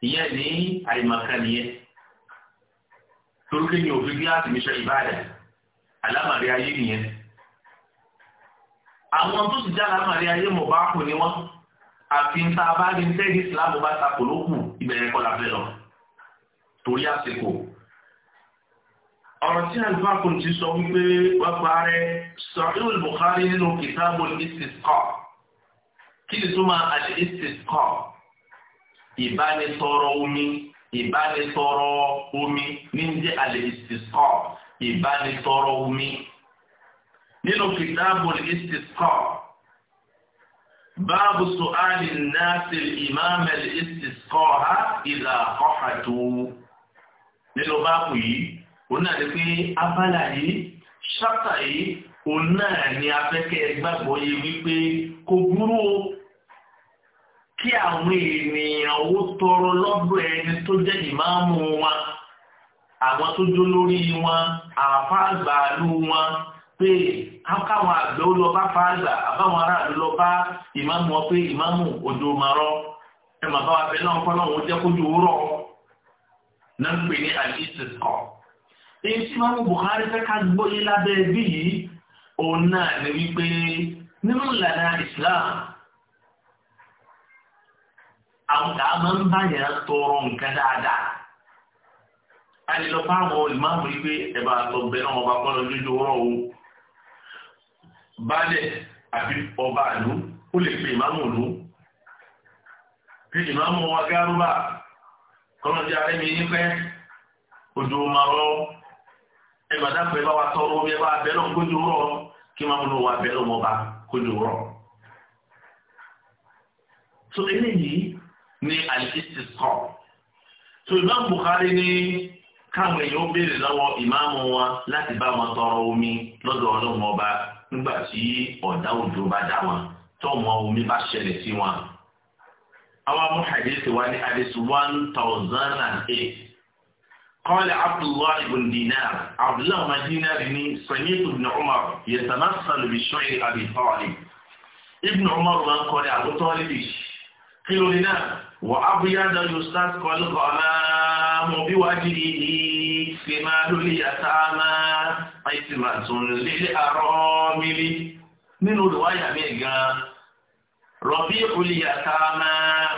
ìyẹn ní àyèmọ̀kan nìyẹn torí kí ni òfin gíláàsì mi ṣe ìbáàdà alámàrí ayé nìyẹn àwọn tó ti já alámàrí ayé mọ̀ àfi tá a bá rí tẹ́gì ìsìlámù bá takò ló kù ìbẹ̀rẹ̀ kọ́ la fẹ́ lọ torí àsìkò ọ̀rọ̀ tí àlùfáà kò ti sọ wípé wọ́n parẹ́ Sahih Bukhari nínú Kitabul Istisqa kí ni tó máa àṣẹ Istisqa ìbánitọrọ omi ìbánitọrọ omi ní jẹ́ àlè Istisqa ìbánitọrọ omi nínú Kitabul Istisqa. باب سؤال الناس الإمام الاستسقاء إذا قحطوا nínú báàkù yìí òun náà ti pé abala yìí ṣáptà yìí òun náà ni afẹ́kẹ́ gbàgbọ́ yìí wípé kò burú o kí àwọn ènìyàn ó tọrọ lọ́dọ̀ ẹni tó jẹ́ ìmáàmù wọn àwọn tó jó lórí wọn àfáàgbàlú wọn pé káwọn àgbẹ̀ ó lọ bá fáàgbà àbáwọn aráàlú lọ bá ìmáàmù wọn pé ìmáàmù òjò màrọ ẹ mà bá wa bẹ náà kọ́ náà wọ́n jẹ́ kójú rọ̀ náà ń pè ní àdìsí kọ́. èyí tí máa mú Buhari fẹ́ ká gbóyè lábẹ́ bí yìí òun náà ní wípé nínú ìlànà Islam àwọn kà á máa ń báyàn tọrọ nǹkan dáadáa a lè lọ fáwọn ìmáàmù yìí pé ẹ bá lọ bẹ náà wọn bá kọ́ lọ lójú rọ̀ o baálẹ̀ àbí ọba àlú ó lè pe ìmáàmù lú kí ìmáàmù wa gárúbà kọ́nọ́jà rẹ̀ mi ní pẹ́ ojú ma rọ ẹ má dápẹ́ bá wa tọrọ omi ẹ bá bẹ́ẹ̀ kójú rọ kí máa múlò wa bẹ́ẹ̀ mọ́ bá kójú rọ. so eléyìí ni àìsísì sọ so ìmáàmù Bukhari ní káwọn èèyàn ó béèrè lọ́wọ́ ìmáàmù wa láti bá wọn tọrọ omi lọ́dọ̀ ọlọ́run nígbà tí ọ̀dá òjò bá dá wọn tọ́mọ omi bá ṣẹlẹ̀ sí wọn. àwọn amúhàdíìsì wa ní hadith one thousand and eight قال عبد الله بن دينار عبد الله بن دينار سمعت ابن عمر يتمثل بشعر ابي طالب ابن عمر من قال ابو طالب قيل لنا وابيض يستسقى الغمام بوجهه ìfìmá lórí àtàmà àìsìmá tún lílé àrọ́ mílí nínú olùwáyà mi gan rọ̀bí olè àtàmà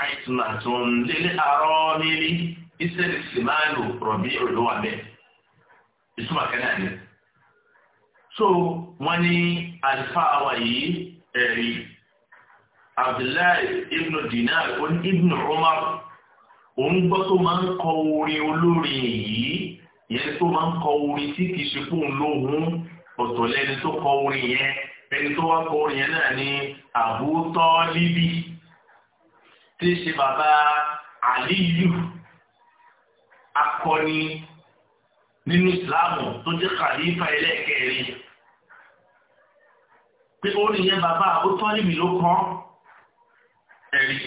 àìsìmá tún lílé àrọ́ mílí ìsẹ́lẹ̀ ìsìmá lò rọ̀bí olùwà bẹ́ẹ̀ ìtumọ̀ kẹ́lá ni. so wọ́n ní àlùfáà wa yìí ẹ̀rí Abdullahi ibnu Dinar ibnu Umar òun gbọ́ tó máa ń kọ orin olórin yìí yẹn tó máa ń kọ orin tí kì í ṣe fóun lóhùn ọ̀tọ̀ lẹ́ni tó kọ orin yẹn ẹni tó wá kọ orin yẹn náà ni Abu Tọ́líbì tí í ṣe bàbá Aliyu akọni nínú ìsìláàmù tó jẹ́ kàlífà ẹlẹ́ẹ̀kẹrin pé orin yẹn bàbá Abu Tọ́líbì ló kọ ẹ̀rí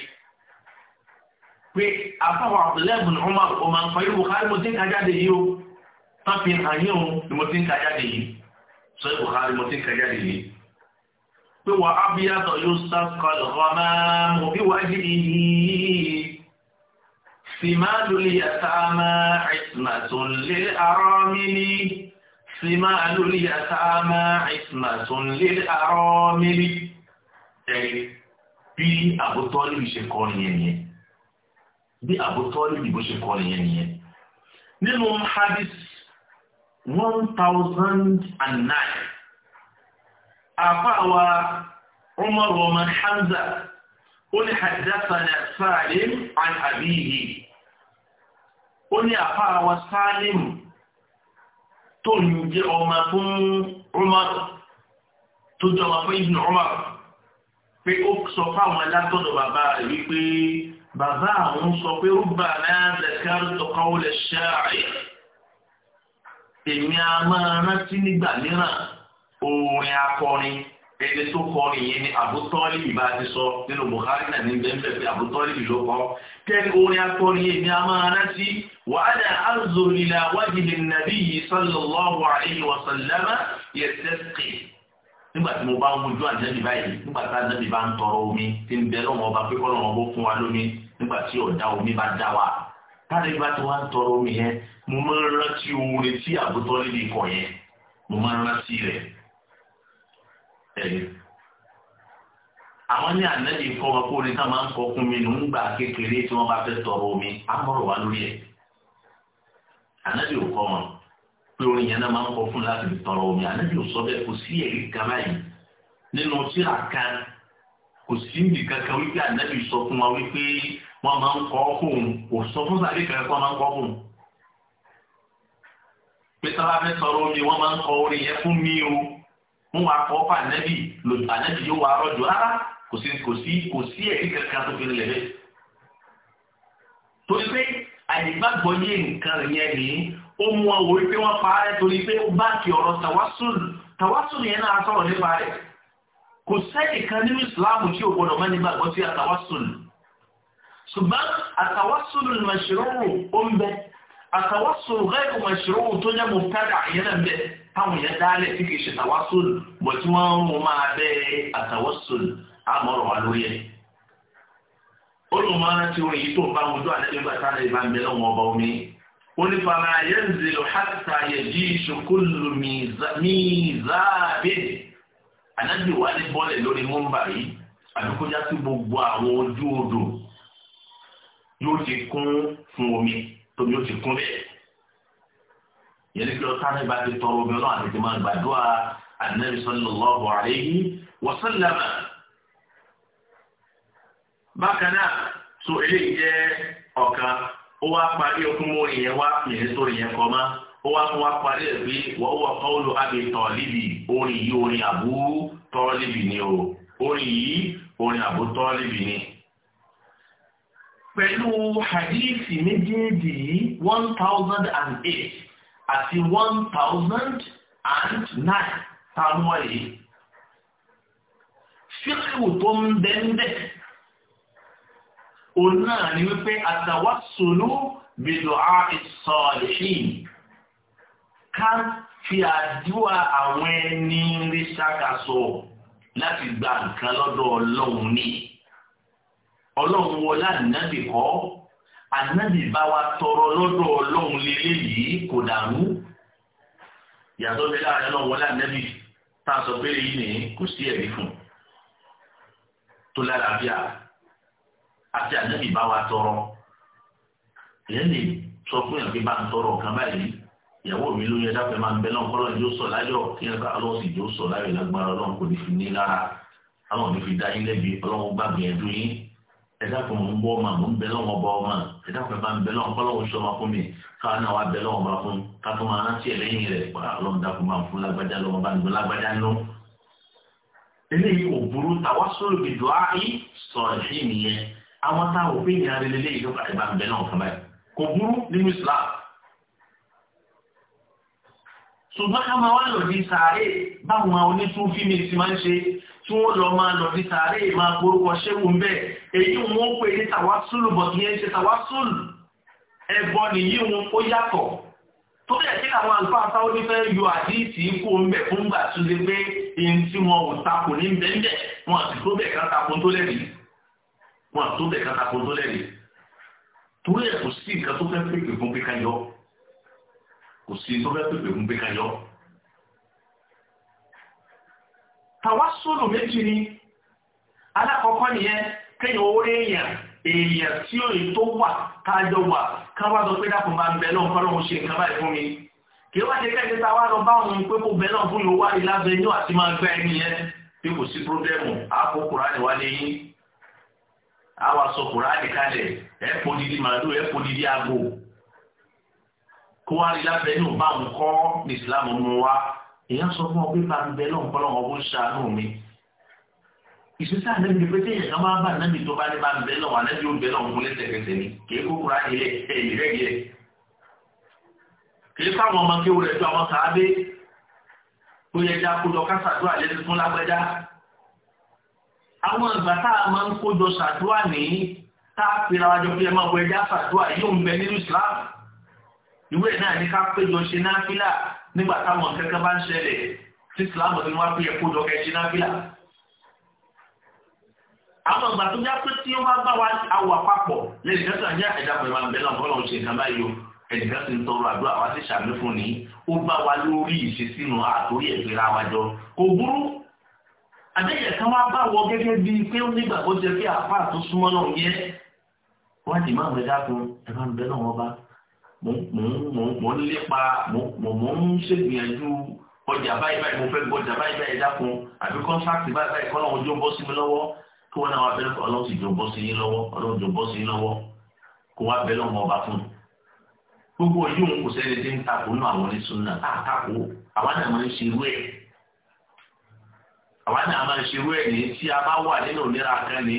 pé afáwọn Abdullahi bin Umar ọmọ nǹkan yóò wọ́n kárí mo ti ń kájáde yìí o wọ́n fi hàn yín o ni mo ti ń ka jáde yìí sọ ìbò ha ni mo ti ń ka jáde yìí pé wà á bí yàtọ̀ yóò sá kọlọ̀ ọmọ mo bí wàá di yìí simadul yatama ismatun lil aramili simadul yatama ismatun lil aramili ẹ̀rí bí àbótọ́lù ṣe kọ́ nìyẹn nìyẹn bí àbótọ́lù ìbò ṣe kọ́ nìyẹn nìyẹn nínú hadith 1009 أفاوى عمر ومن حمزة قل حدثنا سالم عن أبيه قل أفاوى سالم تنجي عمر عمر تنجي عمر ابن عمر pé ó sọ fáwọn látọ̀dọ̀ bàbá rẹ̀ wípé bàbá àwọn sọ pé ó bà náà zẹ̀kárù tọkàwó lẹ̀ ṣáà rẹ̀ èmi a máa rántí nígbà mìíràn orin akọrin ẹni tó kọrin yẹn ni àbútọ́lì ìbá ti sọ nínú Bukhari náà ní bẹ́ẹ̀ pé àbútọ́lì ló kọ́ kẹ́ni orin akọrin yẹn ni a máa rántí wàhálà azòlìlà wájìlì nàbí yìí sallallahu alayhi wa sallama yẹtẹ́sì nígbà tí mo bá ń gbójú àjẹbí báyìí nígbà tí àjẹbí bá ń tọrọ omi tí ń bẹ lọ́wọ́ ọba pé kọ́ lọ́wọ́ fún wa lómi nígbà tí ọ̀dà omi bá dá wa táwọn mo máa ń rántí oore tí àbútọ́ níbi ikọ̀ yẹn mo máa ń rántí rẹ̀ ẹ̀rí. àwọn ní ànábì kọ́ wọn kó ní ká máa ń kọ́ fún mi nígbà kékeré tí wọ́n bá fẹ́ tọrọ omi á mọ̀rọ̀ wá lórí ẹ̀. ànábì ò kọ́ wọn pé orin yẹn náà máa ń kọ́ fún láti fi tọrọ omi ànábì ò sọ bẹ́ẹ̀ kò sí ẹ̀rí kan báyìí nínú tíra kan kò sí níbi kankan wípé ànábì sọ fún wa wípé wọ́n máa ń kọ́ fóun kò sọ fún sàbí kankan wọ́n máa ń kọ́ fóun pé sábà fẹ́ sọ̀rọ̀ omi wọ́n máa ń kọ orin yẹn fún mi o mú wa kọ́ fún ànẹ́bì lòdì ànẹ́bì yóò wá rọ́jò rárá kò sí kò sí kò sí ẹ̀rí kankan tó fi lẹ̀ bẹ́ẹ̀. torí pé àyègbàgbọ́ yé nǹkan yẹn ni ó mú wọn wòye pé wọ́n pa torí pé báàkì ọ̀rọ̀ tàwásùn tàwásùn yẹn náà sọ̀rọ̀ nípa rẹ̀ kò sẹ́nìkan nínú ìsìláàmù tí ò ṣùgbọ́n àtàwásùn lùmọ̀ṣẹ́rọ̀rù ó ń bẹ́ẹ̀ àtàwásùn rẹ́ẹ̀kù mọ̀ṣẹ́rù tó jẹ́ mọ̀tàdà yẹn náà bẹ̀ táwọn yẹn dálẹ̀ tí kìí ṣe tàwásùn bọ̀ tí wọ́n ń mú máa bẹ́ àtàwásùn àmọ̀rọ̀ wa lóye. olùmọ̀ọ́nà tí orin yìí tó bá wọn ojú àlẹ́ nígbà tá àlẹ́ ìbámu bẹ̀rẹ̀ wọn ọba omi. onífàmà yẹn zèlò hàtà yẹjì ìṣòkòlù mìízàbí. ànábì wà ní bọ́ọ̀lẹ̀ lórí mọ́ńbà yìí àdókòjá sí gbogbo àwọn ojú odò yóò ti kún fún omi tóbi ó ti kún bẹ́ẹ̀ yẹn ní kí ọtá ní bá ti tọrọ omi ọlọ́run àti tèmá gbàdúrà ànábì sallallahu alayhi wa sallam bákan náà tó eléyìí jẹ́ ọ̀kan ó wá parí okun mú ìyẹn wá ìyẹn sórí ìyẹn kọ́ mọ́ ó wá mú wá parí ẹ̀ pé wọ́n wọ qawlu Abi Talib orin yìí orin Abu Talib ni o orin yìí orin Abu Talib ni pẹ̀lú hadithi méjèèjì one thousand and eight àti one thousand and nine táwọn wáyé fíkìwù tó ń bẹ́ńbẹ́ òun náà ni wípé àtàwásùlù bìdùá ìsọ̀lẹ̀ṣìn ká fi àdúrà àwọn ẹni rí ṣàkàsọ̀ láti gba nǹkan lọ́dọ̀ ọlọ́run ní ọlọ́run wọlé ànábì kọ́ ànábì bá wa tọrọ lọ́dọ̀ ọlọ́run lélẹ́ yìí kò dàrú yàtọ̀ bí láàrin ọlọ́run wọlé ànábì tá a sọ pé èyí nìyí kò sí ẹ̀rí fún tó lára bíà àti ànábì bá wa tọrọ ìyẹn lè sọ fún yàrá pé bá ń tọrọ kan báyìí ìyàwó mi ló yẹ dáfẹ́ máa ń bẹ lọ́nkọ́ lọ́n yóò sọ láyọ̀ kí ẹ bá ọlọ́run sì yóò sọ láyọ̀ lágbára ọlọ́run kò ní fi ní lára àwọn ní fi dá yín lẹ́bi ọlọ́run gbàgbé ẹ̀dùn yín ẹ̀dá kan ń bọ́ ọmọ mò ń bẹ lọ́wọ́ bá ọmọ ẹ̀dá kan bá ń bẹ lọ́wọ́ kọ́lọ́wọ́ sọ ma fún mi káwọn náà wá bẹ lọ́wọ́ bá fún ká tó máa rántí ẹlẹ́yìn rẹ̀ wá ọlọ́run dákun máa fún lágbájá lọ́wọ́ bá ń gbé lágbájá lọ. eléyìí ò burú tàwásólù bìdù áyí sọ̀rọ̀ sí nìyẹn àwọn táwọn òfin ìyá rẹ̀ lélẹ́yìn ló bá ń bẹ náà fún tí wọ́n lọ máa lọ ní sàárè máa gbórúkọ ṣẹ́gun bẹ́ẹ̀ èyí wọ́n pè ní tàwásùlù bọ̀ kí yẹn ṣe tàwásùlù ẹ̀bọ nìyí wọn ó yàtọ̀ tó bẹ̀rẹ̀ sí àwọn àlùfáà sáwọ́ ní fẹ́ yọ àdíìsì ikú ńbẹ̀ fún gbà tún lé pé èyí tí wọn ò takò ní bẹ́ńbẹ̀ wọn àti tó bẹ̀ kan takò tó lẹ́rìí wọn àti tó bẹ̀ kan takò tó lẹ́rìí torí ẹ̀ kò sí nǹkan tó fẹ́ pèpè fún pé ká yọ kò sí tó fẹ́ pèpè fún pé ká yọ. tàwásùlù méjì ni alákọ̀ọ́kọ́ nìyẹn kéèyàn owó èèyàn èèyàn tí ó tó wà kájọ wà káwá lọ pé dákùn bá ń bẹ lọ́n fọlọ́run ṣe nǹkan báyìí fún mi kì í wá ṣe kẹ́kẹ́ tá a wá lọ bá òun pé kò bẹ lọ́n fún yóò wá ìlàbẹ yóò àti máa gbá ẹni yẹn bí kò sí pírọ́bẹ́mù àpò kùránì wá lé yín àwa sọ kùránì kalẹ̀ ẹ̀ pọ̀ didi màálù ẹ̀ pọ̀ didi àgò kó wá ìlàbẹ yóò bá òun kọ́ èèyàn sọ fún ọ pé máa ń bẹ lọ́n kọ́ lọ́wọ́ ó ṣàánú mi ìṣúṣà ànábì ni pé tí èèyàn máa bá ànábì tó bá ní máa ń bẹ lọ́wọ́ ànábì ó bẹ lọ́wọ́ kúnlẹ̀ tẹ̀kẹ̀tẹ̀ ni kì í kó kura ilé ẹ̀yìn rẹ̀ yẹ kì í fáwọn ọmọ kéwù rẹ̀ ju àwọn sàábé tó yẹ já kójọ ká ṣàdúrà lẹ́nu fún lágbẹ́dá àwọn ìgbà tá a máa ń kójọ ṣàdúrà ní tá a pera wájọ pé ẹ máa Islam ìwé náà ní ká péjọ nígbà táwọn kankan bá ń ṣẹlẹ̀ tí ìsìláàmù tó ń wá pé ẹ̀kọ́ jọ kẹ́ṣin náà bílà. àwọn ìgbà tó já pé tí ó bá bá wa awọ àpapọ̀ lẹ́yìn kẹsàn-án ní àtẹ̀dá pẹ̀lú àwọn ìbẹ̀lẹ̀ ọ̀pọ̀ lọ́wọ́ ṣe nǹkan báyìí o ẹnìkan sì ń tọrọ àdúrà wá sí sàmì fún ni ó bá wa lórí ìṣesínu àtòrí ẹ̀fẹ́ ra wa jọ kò burú àbẹ́yẹ kan wá bá wọ gẹ́gẹ́ bíi pé ó nígbà ó jẹ pé àpá àtúnṣúmọ́ mò ń lépa mò ń ṣègbìyànjú ọjà báyìí báyìí mo fẹ́ gbọ́ ọjà báyìí báyìí dákun àbí kọ́ńtrákì báyìí báyìí kọ́ lọ́wọ́ jó bọ́ sí mi lọ́wọ́ kí wọ́n náà wá bẹ́ẹ̀ ọlọ́run sì jó bọ́ sí yín lọ́wọ́ ọlọ́run jó bọ́ sí yín lọ́wọ́ kó wá bẹ́ẹ̀ lọ́mọ ọba fún un gbogbo yóò kò sẹ́ni tí ń takò nù àwọn oníṣúná àtakò àwa náà máa ń ṣe ẹ̀ àwa náà máa ń ṣe ẹ̀ ní a bá wà nínú ìlera kan ní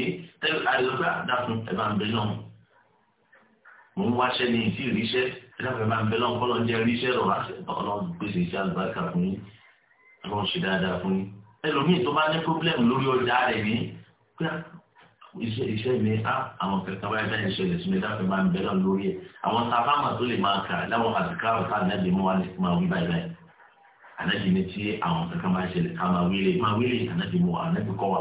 mo ń wáṣẹ́ ní ìtì ìríṣẹ́ ẹ̀dáfẹ́ máa ń bẹ lọ́n kọ́lọ́ jẹ́ ríṣẹ́ lọ́wọ́ ọlọ́run gbèsè iṣẹ́ àlùbáríkà fún yín ọlọ́run ṣe dáadáa fún yín ẹlòmíì tó bá ní pọ́blẹ́mù lórí ọjà rẹ̀ ní pé iṣẹ́ iṣẹ́ mi á àwọn kankan báyìí báyìí ṣẹlẹ̀ sí mi ẹ̀dáfẹ́ máa ń bẹ lọ́n lórí ẹ̀ àwọn sáfàmà tó lè máa kà láwọn àdìkárò tá ànábì mú wa ní máa wí báyìí báyìí ànábì ní tí àwọn kankan bá ṣẹlẹ̀ ká máa wílé máa wílé ànábì mú wa ànábì kọ́ wa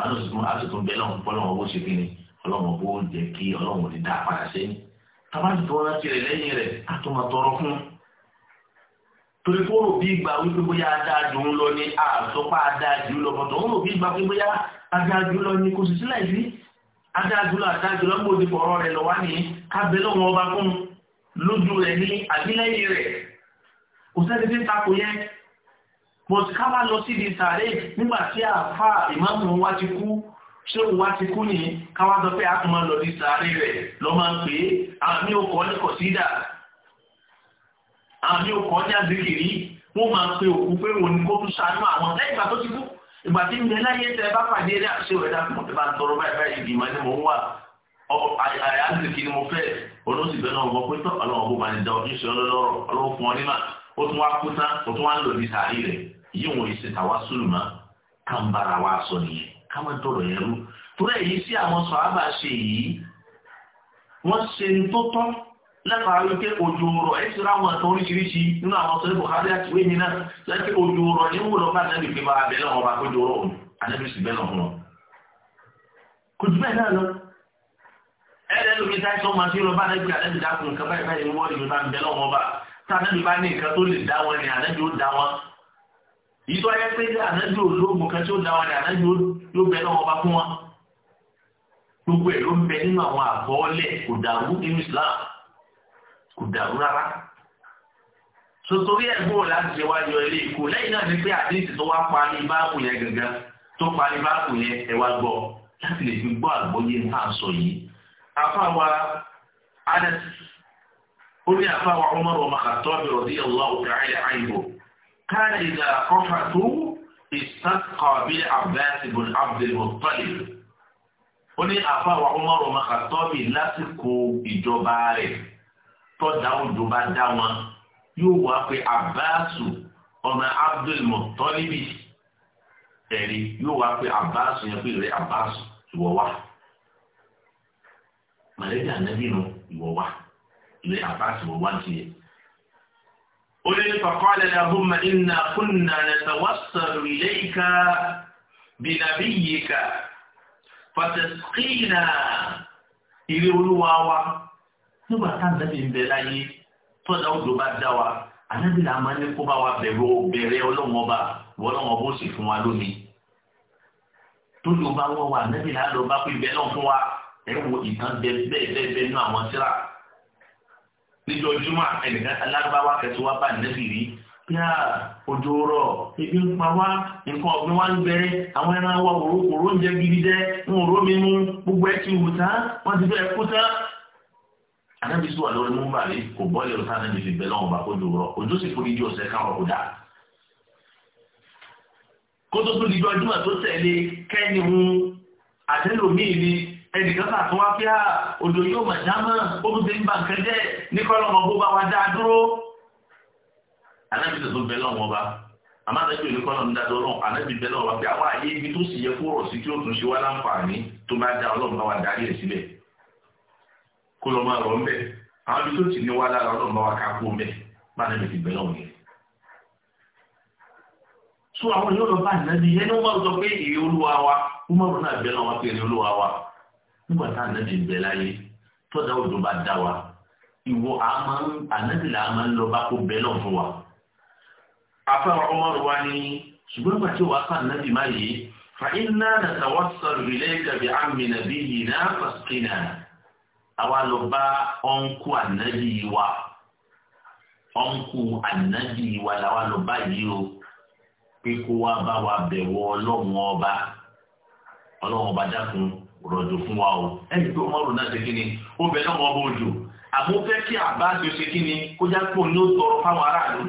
àwọn àtúntún bẹ lọ́n kọ́lọ́n owó ṣe kí ni ọlọ́run owó jẹ́ kí ọlọ́run ò ní dá padà sẹ́yìn tabajutọ rántí rẹ̀ lẹ́yìn rẹ̀ atomatọrọ fún torí kó rò bí ìgbà wípé bóyá adájú ń lọ ní àtọpá adájú lọ bọtọ ó rò bí ìgbà pé bóyá adájú lọ ní kò sì sílẹ̀ sí adájú lọ adájú lọ gbòdì ọ̀rọ̀ rẹ̀ lọ wá ní kábẹ lọ́wọ́ ọba fún lójú rẹ̀ ní àbílẹ̀yìn rẹ̀ kò sẹ́ni tí ń takò yẹn but ká má lọ síbi sàárè nígbà tí àáfàá ìmáàmù wa ti kú ṣé òun wá ti kú ní káwá sọ pé a tún máa lọ ní sàárè rẹ̀ lọ máa ń pè é àwọn mi ò kọ́ ní kọ̀sídà àwọn mi ò kọ́ ní àzìkìrí wọ́n máa pe òkú pé òun ni kó tún ṣàánú àwọn lẹ́yìn ìgbà tó ti kú ìgbà tí ń bẹ láyé tẹ bá pàdé rẹ àṣẹ òwe dákùn tẹ bá ń tọrọ báyìí báyìí ìgbìmọ̀ ni mò ń wà àyàzìkì ni mo fẹ́ olóṣìbẹ́ náà wọ́n pé tọ́ ọlọ́run bó máa ń da ọdún ṣe ọlọ́rọ̀ ọlọ́run ọ ká má dọ̀rọ̀ yẹn rú torí èyí sí àwọn sọ̀hábà ṣe yìí wọ́n ṣe ń tó tọ́ lẹ́kọ̀ọ́ wípé ojú ọ̀rọ̀ ẹ̀ ti ráwọn ẹ̀tọ́ oríṣiríṣi nínú àwọn sọ̀rọ̀ Buhari àti wíyìn náà lẹ́kẹ́ ojú ọ̀rọ̀ ní wúlò bá ànábì fi máa bẹ̀rẹ̀ wọn bá kójú ọ̀rọ̀ òun ànábì sì bẹ́ẹ̀ lọ́wọ́ kò jù bẹ́ẹ̀ náà lọ ẹ̀rẹ́ lómi táyì tó máa ti rọ bá ànábì dákun nǹkan báyìí báyìí wọ́n ni ànábì ó dá èyí tó ayé pé ànájú olóògùn kan tí ó wa ní ànájú ló bẹ náà wọn bá fún wọn gbogbo ẹ̀ ló ń bẹ nínú àwọn àbọ̀ọ́lẹ̀ kò dàrú Islam kò dàrú rárá sotori ẹ̀gbọ́n láti ṣe wá yọ ilé ìkó lẹ́yìn náà ni pé àdéhìsì tó wá parí báàkù yẹn gangan tó parí báàkù yẹn ẹ wá gbọ́ láti lè fi gbọ́ àgbọ́yé ń sọ yìí كان إذا قفته استسقى بالعباس بن عبد المطلب ó ní àfàwà ọmọrò makatọ́bì lásìkò ìjọba rẹ̀ tọ́jà òjò bá dá wọn yóò wá pé abáàsù ọmọ Abdul Muttalibi ẹ̀rí yóò wá pé abáàsù yẹn pé rẹ̀ abáàsù ìwọ wá màlẹ́bí ànábì nù ìwọ wá rẹ̀ abáàsù ìwọ wá ti yẹ قل فقال لهم إنا كنا نتوصل إليك بنبيك فتسقينا ilé olúwa wa nígbà táǹdàbí ń bẹ láyé tọ́jà odò bá dá wa ànábì là máa ní kó bá wa bẹ̀rù bẹ̀rẹ̀ ọlọ́wọ́n ọba wọ́lọ́wọ́n ọba ó sì fún wa lónìí tójú bá wọ́n wa ànábì là lọ bá pé ibẹ̀ náà fún wa ẹ̀ wo ìtàn bẹ́ẹ̀ bẹ́ẹ̀ bẹ́ẹ̀ nú àwọn síra níjọ́ júmọ́ ẹnìkan alágbáwá kẹtù bá nẹ́bì rí bí a òjò rọ̀ ebi ń pa wá nǹkan ọ̀gbìn wá ń bẹ̀rẹ̀ àwọn ẹran wa òró òró ń jẹ gidi jẹ ń òró mi mú gbogbo ẹ ti wù tá wọn ti bẹ́ẹ̀ kú tá. anábì sùn wà lórí mú bàrí kò bọ́ ilé ọ̀tá anábì fi bẹ̀ lọ́wọ́ bá kójú rọ̀ òjò sì forí ju ọ̀sẹ̀ káwọn kò dà. kótó tó di ju ọdún àtó tẹ̀lé kẹ́ni hun àtẹ́lòmíì ni ẹnìkan kà tó wá pé à ah, odò yóò mà dámọ̀ olùdé n'i ba nǹkan jẹ́ ní kọ́lọ́mọ bó bá wá dá dúró. anábìtẹ̀ tó bẹ lọ́wọ́ ọba àmọ́ àtẹ́jú ìlú kọ́lọ́mù dáadọ́ lọ́wọ́ bẹ lọ́wọ́ wa darí ẹ̀ sílẹ̀ ibi tó ti ní wá lára ọlọ́run bá wa ká kó ń bẹ̀ bá nígbà tá ànábì bẹ láyé tọ́jà òjò bá dá wa ìwọ ànábì là á máa ń lọ bá kó bẹ́ẹ̀ lọ́n fún wa. afẹ́wọ̀n ọmọrù wa ni ṣùgbọ́n ìgbà tí wàá kà ànábì má yé fa iná nàtàwọ́ sọ̀rọ̀ ilé ìkàbí àmì yìí náà pàṣípìnà àwa lọ bá ọ̀nkú ànábì wa ọ̀nkú ànábì wa làwa lọ bá yìí o pé kó wá bá wa bẹ̀wọ̀ ọlọ́run ọba ọlọ́run ọba dákun rọ̀jò fún wa o ẹni pé ọmọ ròdà ṣe kíni obìnrin náà wọ́n bó jò àmọ́ fẹ́ kí àbá ṣe ṣe kíni kó já pò ní ó tọrọ fáwọn aráàlú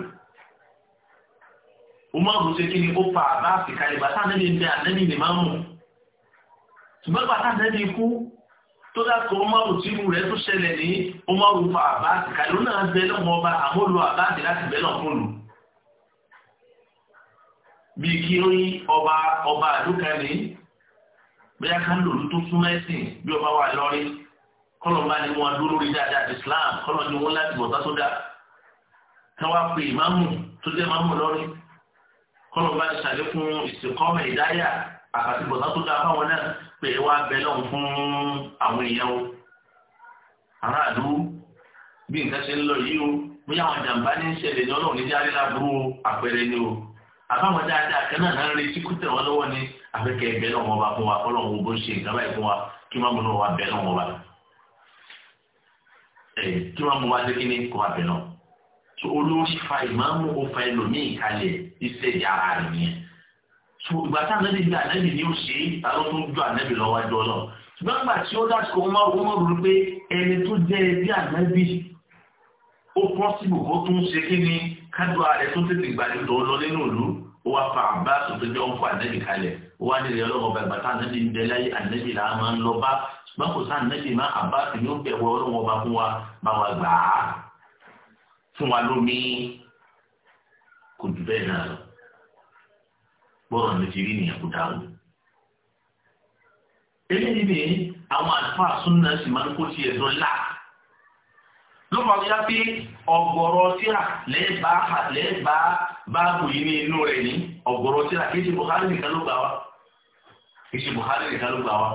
ọmọ ròdà ṣe kíni ó fa àbá àfikàlẹ̀ bàtà nẹ́ni ń bẹ ànẹ́ni ní máa mú ṣùgbọ́n bàtà nẹ́ni kú tó dákọ̀ ọmọ ròdà tí irú rẹ̀ tó ṣẹlẹ̀ ní ọmọ ròdà fa àbá àfikàlẹ̀ ó náà bẹ lọ́mọ ọba bóyá ká lòlú tó súnmọ́ ẹ̀sìn bí ọba wà lọ́rí kọ́lọ́mbà ni wọ́n dúró lórí dáadáa Islam kọ́lọ́ ni wọ́n láti bọ̀ sásódà káwá pé ìmáàmù tó jẹ́ ìmáàmù lọ́rí kọ́lọ́mbà ni sàlékún ìsìnkọ́mọ̀ ìdáyà àkàtì bọ̀ sásódà fáwọn náà pé wá bẹ lọ́hùn fún àwọn èèyàn o aráàlú bí nǹkan ṣe ń lọ yìí o bóyá àwọn jàǹbá ní ń ní ọlọ́run ní àbáwọn dáadáa kan náà náà ń retí kútẹ̀ wọn lọ́wọ́ ní afẹ́kẹ́ ẹgbẹ́ náà wọn bá fún wa kọ́lọ́ wọn bó ń ṣe nǹkan báyìí fún wa kí wọ́n mú náà wá bẹ́ẹ̀ náà wọn bá kí wọ́n mú wá sí kí ní kó wá bẹ́ẹ̀ náà. tó olórí fa ìmáàmù ó fa ẹlòmíì kalẹ̀ iṣẹ́ ìjà ara rẹ̀ nìyẹn. tó ìgbà tá ànábì gba ànábì ni ó ṣe é ta ló tún ju ànábì lọ́wọ́ ẹjọ́ náà. ṣùgbọ́n gbà tí ó dásìkò ó máa wọ́n rú pé ẹni tó jẹ́ ẹbí ànábì ó pọ́sibù kó tún ṣe kí ni kádùn ààrẹ tó tètè gbàdé tó lọ nínú ìlú ó wá fa àbá tuntun jọ ń fa ànẹ́bì kalẹ̀ ó wá nílẹ̀ ọlọ́run ọba ìgbà tá ànẹ́bì ń bẹ láyé ànẹ́bì là á máa ń lọ bá ṣùgbọ́n kò sá ànẹ́bì má àbá ní ó bẹ̀wọ̀ ọlọ́run fún wa bá wa gbà á fún wa lómi kò jù bẹ́ẹ̀ náà lọ gbọ́dọ̀ ní ti rí nìyẹn kó dáhùn. eléyìí ni àwọn àlùfáà súnmọ́ sì máa ń kó tiẹ̀ dọ́là ló fà mí láti ọ̀gọ̀rọ̀ tíra lẹ́ẹ̀bá báàbù yìí ní inú rẹ̀ ní ọ̀gọ̀rọ̀ tíra kì í ṣe Buhari nìkan ló gbà wá kì í ṣe Buhari nìkan ló gbà wá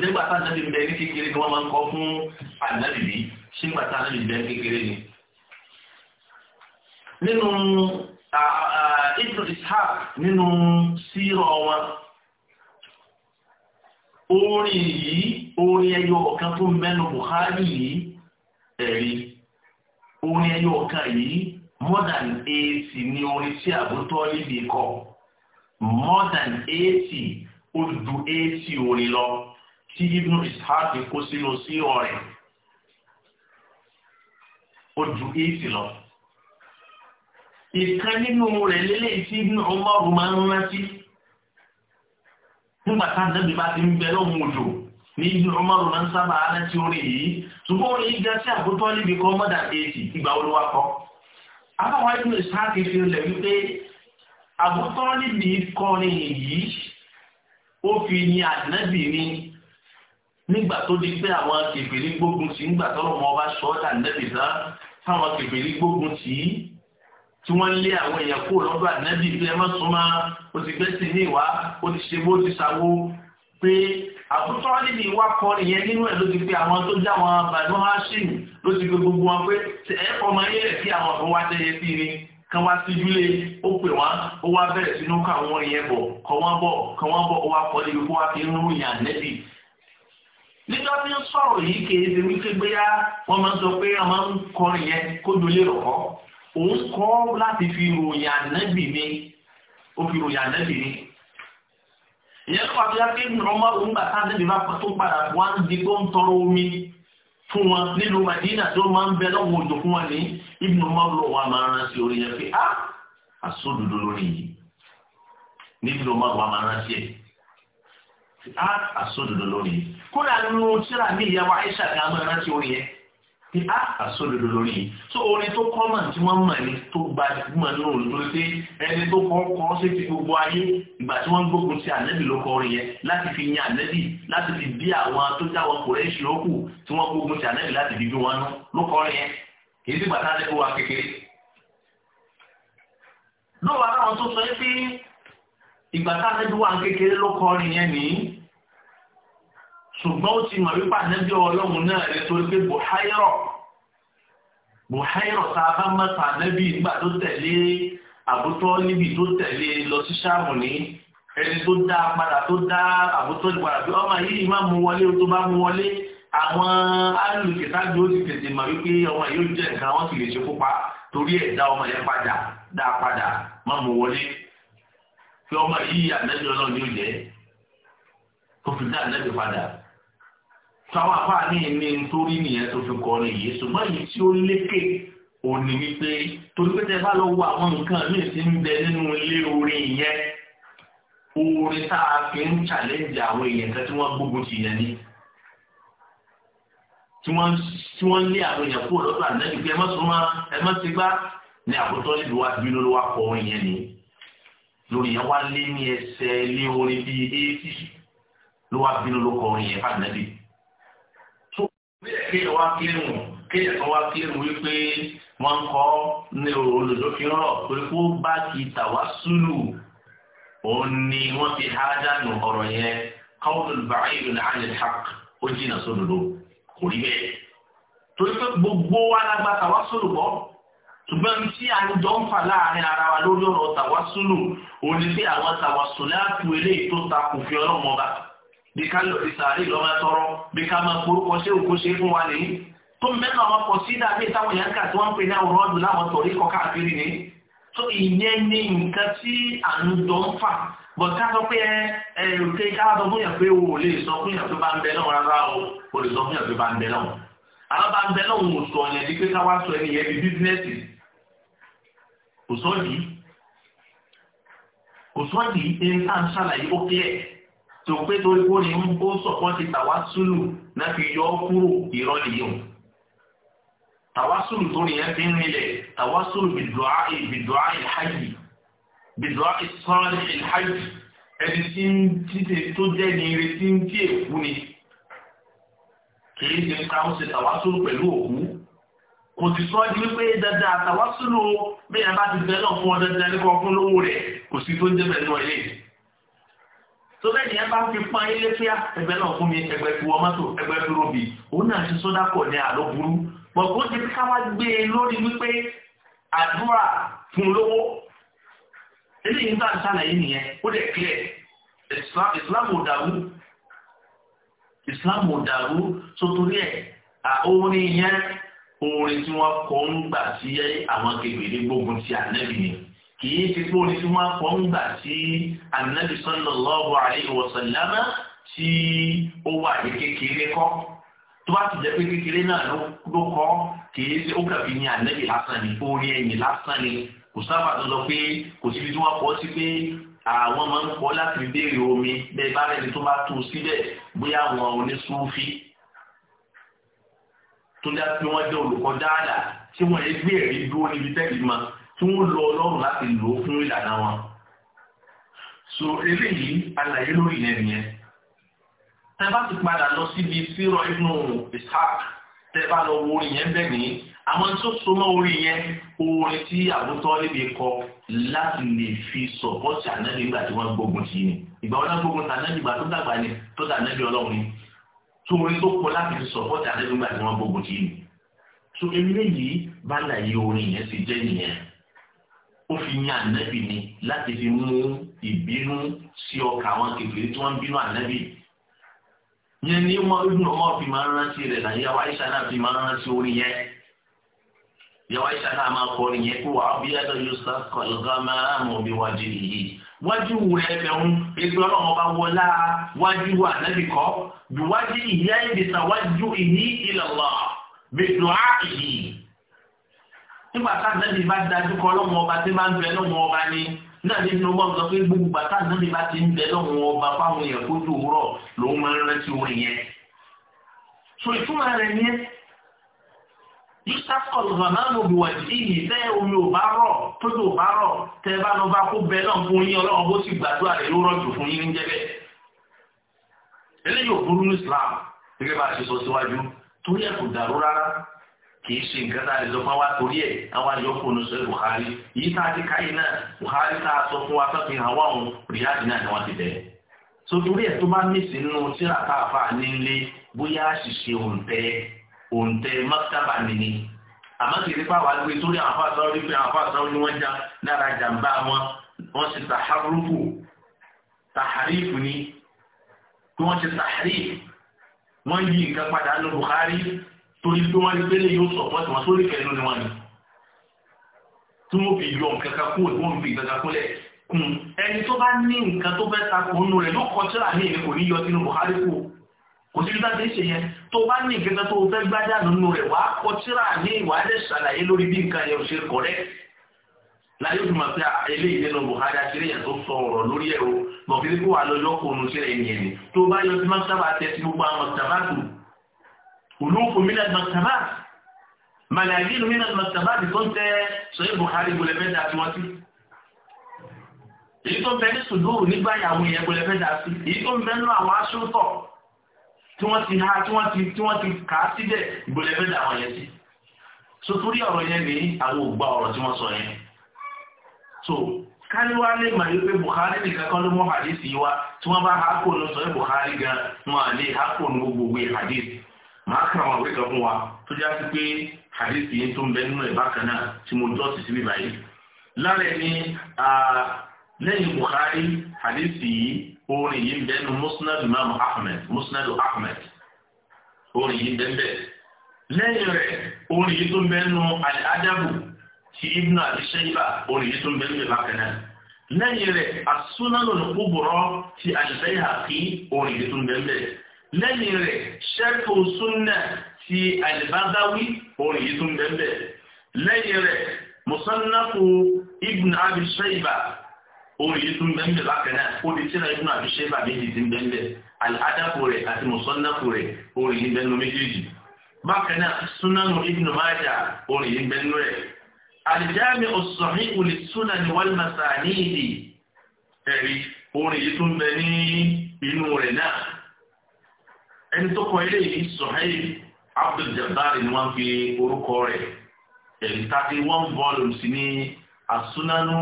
nígbà tá ànábì ń bẹ ní kékeré ni wọ́n máa ń kọ́ fún ànábì yìí ṣé nígbà tá ànábì ń bẹ ní kékeré ni. nínú Idris ha nínú sírọ wọn orin yìí orin ẹyọ ọ̀kan tó mẹ́nu Buhari yìí ẹ̀rí orin ẹyọ ọ̀kan yìí more than eighty ni orin tí àbótọ́ níbi kọ more than eighty ó ju eighty orin lọ tí ibnu ishaq kó sínú sí ọrẹ ó ju eighty lọ ìkan nínú rẹ̀ lélẹ́yìí tí ibnu Umar máa ń rántí nígbà tá a dábìí bá ti ń bẹ lọ́hùn òjò ní ibi ọmọrù náà ń sábà aláti orin yìí ṣùgbọ́n orin yìí ga sí àbótọ́ níbi kan mọ́dà eighty ìgbà olówó kọ́. abáwọn ibùdó sáàkì fi lẹ̀ wípé àbótọ́ níbi kọrin yìí ó fi yin ànábì ni nígbà tó di pé àwọn kèfèrí gbógun tì nígbà tọ́lọ́mọ ọba sọ́ọ́dà ànábì náà táwọn kèfèrí gbógun tì í tí wọ́n lé àwọn èèyàn kúrò lọ́dọ̀ ànábì pé ẹ má súnmọ́ o ti gbẹ́sìn ní ìwà o ti ṣe bó ti ṣàwó pé àbútọ́ níbi ìwà kọrin yẹn nínú ẹ̀ ló ti pé àwọn tó já wọn bàánú hashim ló ti pé gbogbo wọn pé ṣe ẹ fọmọ ayé rẹ̀ kí àwọn ọ̀fọ̀ wá tẹ́yẹ sí ni kan wá sí ìdílé ó pè wọ́n ó wá bẹ̀rẹ̀ sínú ká wọn yẹn bọ̀ kọ́ wọ́n bọ̀ kọ́ wọ́n bọ̀ ó wá kọ́ níbi kó wá fi ń rún yàn nẹ́bì nígbà tí ń sọ̀rọ̀ yìí kì í ṣe wípé gbéyà wọ́n máa ń sọ pé a máa ń kọrin yẹn kó dolé òun kọ́ láti fi ròyìn ànẹ́bì ni ó fi ròyìn ànẹ́bì ni ìyẹn tó àbíyá pé ìrọmọ òun gbà sáà níbi bá tó padà wá ń di kó ń tọrọ omi fún wọn nílùú Madina tó máa ń bẹ lọ́wọ́ òjò fún wọn ní Ibn Umar lọ wà máa rántí orí yẹn pé á ah, àsódodo lórí yìí ní Ibn Umar wà máa rántí ẹ̀ á ah, àsódodo lórí yìí kódà nínú tíra mi ìyàwó Aisha kan máa rántí orí yẹn tí a àsọdodo lórí yìí tó orin tó kọ́ náà tí wọ́n mọ̀ ní tó gbajúmọ̀ nínú olùdó pé ẹni tó kọ́ kọ́ sí ti gbogbo ayé ìgbà tí wọ́n gbógun ti ànẹ́bì ló kọ orin yẹn láti fi yan ànẹ́bì láti fi bí àwọn tó jáwọ́ kòrẹ́ṣì lókù tí wọ́n gbógun ti ànẹ́bì láti fi bí wọn nú ló kọ orin yẹn kì í sì gbàtà ànẹ́bì wa kékeré. lóòwà táwọn tó sọ pé ìgbà tá ànẹ́bì wa kékeré ló kọ orin yẹn nìyí ṣùgbọ́n ó ti mọ̀ wípé ànábì ọlọ́run náà rẹ̀ torí pé bùháírọ̀ bùháírọ̀ tá a bá mọ̀ta ànábì nígbà tó tẹ̀lé àbútọ́ níbi tó tẹ̀lé lọ sí sáàmù ní ẹni tó dá padà tó dá àbútọ́ nípadà pé ọmọ yìí má mú wọlé tó bá mú wọlé àwọn alùpùpù ó ti tètè mọ̀ wípé ọmọ yìí ó jẹ́ nǹkan wọ́n sì lè ṣe kópa torí ẹ̀ dá ọmọ yẹn padà dá padà má mú wọlé fi ọmọ yìí ànábì ọlọ́run ní jẹ́ tó fi dá ànábì padà táwọn afáàní ní nítorí nìyẹn tó fi kọ ní yìí ṣùgbọ́n èyí tí ó lékè òní wípé torí pé tẹ bá lọ wo àwọn nǹkan míì tí ń bẹ nínú ilé orin yẹn orin tá a fi ń challenge àwọn èèyàn kan tí wọ́n gbógun ti yẹn ni tí wọ́n tí wọ́n lé àwọn èèyàn kúrò lọ́dọ̀ ànábì pé ẹ má sọ máa níbi wá bí ló wá kọ orin yẹn ni lórí yẹn wá lé ní ẹsẹ̀ lé orin bíi eighty ló wá bí ló kọ orin yẹn fún kéèyàn wá kílìmù kéèyàn kan wá kílìmù wípé wọ́n ń kọ́ ní olùdókòwò rọ̀ pé kó bá ti tàwa sùlù òun ni wọ́n ti há dànù ọ̀rọ̀ yẹn káwọn olùbàáyìn náà ní hàk ó jìnnà sódodo kò rí bẹ́ẹ̀ torí pé gbogbo wa la gba tàwa sùlù bọ́ ṣùgbọ́n tí a ń jọ ń fà láàrin ara wa lórí ọ̀rọ̀ tàwa sùlù òun ni pé àwọn tàwa sùlù á tu eléyìí ta kò fi ọlọ́mọba bí ká lọ sí sàárè lọ máa tọrọ bí ká máa forúkọ sí òkú ṣe fún wa nìyí tó mẹ́ta àwọn pọ̀ sí dàbí táwọn èèyàn kà tí wọ́n ń pè ní àwòrán ọdún láwọn tọ̀rí kọ káàkiri ni tó ìyẹn ní nǹkan tí à ń jọ ń fà bọ̀ ká sọ pé ẹ òkè ká sọ fún yàn pé o ò lè sọ fún yàn pé bá ń bẹ náà rárá o ò lè sọ fún yàn pé bá ń bẹ náà àwọn bá ń bẹ náà ò sọ yẹn di pé ká wá sọ ẹni yẹn bísínẹ́sì kò sọ́ kò sọ́ ẹni tá à ń ṣàlàyé ó kílẹ̀ tó pé torí kó ní ó ń sọ̀kan ti tàwásùlù náà fi yọ ọ́ kúrò irọ́ nìyí o tàwásùlù tó nìyẹn fi ń rinlẹ̀ tàwásùlù bìdùá bìdùá ìhàjì bìdùá ìsọ́ọ̀lì ìhàjì ẹni tí ń títè tó jẹ́ ní ìrètí ń tí èkú ni kìí ṣe ká ó ṣe tàwásùlù pẹ̀lú òkú kò sì sọ di wípé dandan àtàwásùlù bẹ́ẹ̀ bá ti bẹ́ẹ̀ náà fún ọ tó bẹ́ẹ̀ ni ẹ bá fi pa ilé fíà ẹgbẹ́ náà fún mi ẹgbẹ́ fi wọ mọ́tò ẹgbẹ́ fi robi òun náà ṣe sódà pọ̀ ní àlọ́ burú pọ̀gbọ́n ti káwá gbé e lórí wípé àdúrà fún lówó eléyìí nígbà sàlàyé nìyẹn ó dẹ̀ clear Islam ò dàrú Islam ò dàrú sotori ẹ̀ orin yẹn orin tí wọ́n kọ́ ń gbà sí àwọn kébèrè gbógun ti ànẹ́bì yẹn kìí ṣe pé oní tí wọ́n pọ̀ ń gbà sí anabi sallallahu alayhi wa sallam tí ó wà ní kékeré kọ́ tó bá ti jẹ́ pé kékeré náà ló kọ́ kìí ṣe ó kàbí ní anabi lásán ni orí ẹ̀yìn lásán ni kò sábà tó lọ pé kò síbi tí wọ́n pọ̀ sí pé àwọn máa ń pọ̀ láti béèrè omi bẹ́ẹ̀ bá rẹ̀ tó bá tó síbẹ̀ bóyá àwọn oníṣúfì tó dá sí wọn jẹ́ olùkọ́ dáadáa tí wọ́n yẹ gbé ẹ̀rí dúró níbi tẹ́lẹ̀ máa tí wọ́n lọ ọlọ́run láti lò ó fún ìlànà wọn. so eléyìí àlàyé lórí yẹn nìyẹn. tẹ́ bá ti padà lọ síbi sírọ̀ inú ishaq tẹ́ bá lọ wo orin yẹn bẹ́ẹ̀ ní àwọn tó so mọ́ orin yẹn orin tí àbútọ́ níbi kọ láti lè fi sọ̀pọ́tì ànábì nígbà tí wọ́n gbógun tì í ni ìgbà wọn náà gbógun tì ànábì ìgbà tó dàgbà ni tó dà ànábì ọlọ́run ni tó orin tó kọ láti fi sọ̀pọ́tì ànábì nígbà tí wọ́n gbógun tì í so eléyìí bá láyé orin yẹn ti jẹ́ nìyẹn ó fi yan ànábì ni láti fi mú ìbínú sí ọkà àwọn kékeré tí wọ́n ń bínú ànábì yẹn ni wọn ibùn ọmọ fi máa ń rántí rẹ̀ náà yàwá ìṣá náà fi máa ń rántí orin yẹn yàwá ìṣá náà máa kọ orin yẹn kó wàá bí ẹgbẹ́ yóò sá kọlọgá máa mọ bí wájú yìí wájú rẹ̀ fẹhún ẹgbẹ́ Ọlọ́run bá wọlá wájú ànábì kọ bí wájú ìyá ìdìsá wájú ìní ìlàlá bí dùn á ìyí nígbà tá ànábì bá dájú kọ lọ́wọ́ ọba tí bá ń bẹ lọ́wọ́ ọba ni náà ní inú bọ́ọ̀lù sọ pé gbogbo bàtà ànábì bá ti ń bẹ lọ́wọ́ ọba fáwọn èèyàn tó dùn wúrọ̀ lòún máa ń rántí orin yẹn. so ìtumọ̀ rẹ̀ yẹn yusuf ọlọmọlọmọ bí wọn ti yìí tẹ omi ò bá rọ̀ tójú ò bá rọ̀ tẹ bá lọ bá kó bẹ náà fún yín Ọlọ́run bó sì gbàdúrà rẹ̀ ló rọ̀jò fún yín ní jẹbẹ Islam gẹ́gẹ́ bá a ṣe sọ torí ẹ kò dàrú rárá kìí ṣe nǹkan tá a lè lọ bá wa torí ẹ̀ àwọn àyọkù oníṣẹ́ Buhari yìí tá a ti káyé náà Buhari tá a sọ fún wa sọ́kì àwọn àwọn rìáàdì náà ni wọ́n ti bẹ̀ẹ́. so torí ẹ̀ tó bá mèsì nínú tíra tá a fà nílé bóyá àṣìṣe òǹtẹ òǹtẹ mọ́tàbà nìyí àmọ́ kì í rí pàwọ́ àgbẹ̀ torí àwọn afọ àtàwọn orí àwọn afọ àtàwọn ni wọ́n já lára jàǹbá wọn wọ́n ṣe tàhárùkù tàhárífù ni wọ́n ṣe tàhárífù wọ́n yí nǹkan padà nù Buhari torí pé wọ́n rí pé yóò sọ fún àtàwọn tó lè kẹ́ lónìí wọn ni tí wọ́n fi yọ nǹkan kan kúrò tí wọ́n fi nǹkan kan kúlẹ̀ kún hmm, ẹni tó bá ní nǹkan tó fẹ́ ta kò nù rẹ̀ ló kọ́ tíra ní ìrìn kò ní yọ sínú Buhari kù kò sí bíbá ti ń ṣe yẹn tó bá ní nǹkan tó fẹ́ gbájà nínú rẹ̀ wàá kọ́ tíra ní ìwádìí ṣàlàyé lórí bí nǹkan yẹn ò ṣe kọ̀rẹ́ láyé òfin máa fi eléyìí nínú Buhari akéré yẹn tó sọ ọ̀rọ̀ lórí ẹ̀rọ mọ̀kìlípò àlọ́yọ́kùnrin sílẹ̀ ìyẹn ni tó bá yọ sí máa sábà tẹ́ sí gbogbo àwọn sábà olóòfò mílẹ̀ mọ̀tàmá màlàyé ìlú mílẹ̀ mọ̀tàmá tó ń tẹ sọ́yìn Buhari gbọlẹ́fẹ́ dà sí wọn sí. èyí tó ń bẹ ní sùdúrù nígbà yàwó yẹn gbọlẹ́fẹ́ dà sí èyí tó ń bẹ nínú àwọn aṣọ́tọ̀ tí wọ́n ti ha tí so káníwá lè mà yí pé Buhari nìkan kan ló mọ hadith yìí wá tí wọ́n bá hákò ló sọ Buhari gan wọn à lè hákò gbogbo hadith máa kà wọn àwé kan fún wa tó já sí pé hadith yìí tó ń bẹ nínú ẹ̀ bákan náà tí mo jọ́ sí síbí báyìí. lára ẹni lẹ́yìn Bukhari hadith yìí orin yìí ń bẹ nínú musnad imam Ahmed musnad Ahmed orin yìí ń bẹ bẹ́ẹ̀. lẹ́yìn rẹ̀ orin yìí tó ń bẹ nínú adabu ti Ibn Abi Shayba orin yìí tó ń bẹ nínú ẹ̀ bákan náà lẹ́yìn rẹ̀ as-Sunan ti al-Bayhaqi orin yìí tó ń bẹ bẹ́ẹ̀ lẹ́yìn rẹ̀ ṣẹ́kù súnà ti àlìbádáwí orin yìí tún bẹ́ẹ̀ bẹ́ẹ̀ lẹ́yìn rẹ̀ musannafu ibn abi shayba orin yìí tún bẹ́ẹ̀ bẹ́ẹ̀ bákan náà ó di tíra ibn abi shayba méjì ti bẹ́ẹ̀ bẹ́ẹ̀ al'adafu rẹ̀ àti musannafu rẹ̀ orin yìí bẹ́ẹ̀ nù méjèèjì bákan náà sunanu ibn majah orin yìí bẹ́ẹ̀ nù rẹ̀ alijami ọ̀sọ̀hìn ẹni tó kọ ilé yìí Suhail Abdul Jabbar ni wọ́n fi orúkọ rẹ̀ ẹ̀rí thirty one volumes ní asúnánú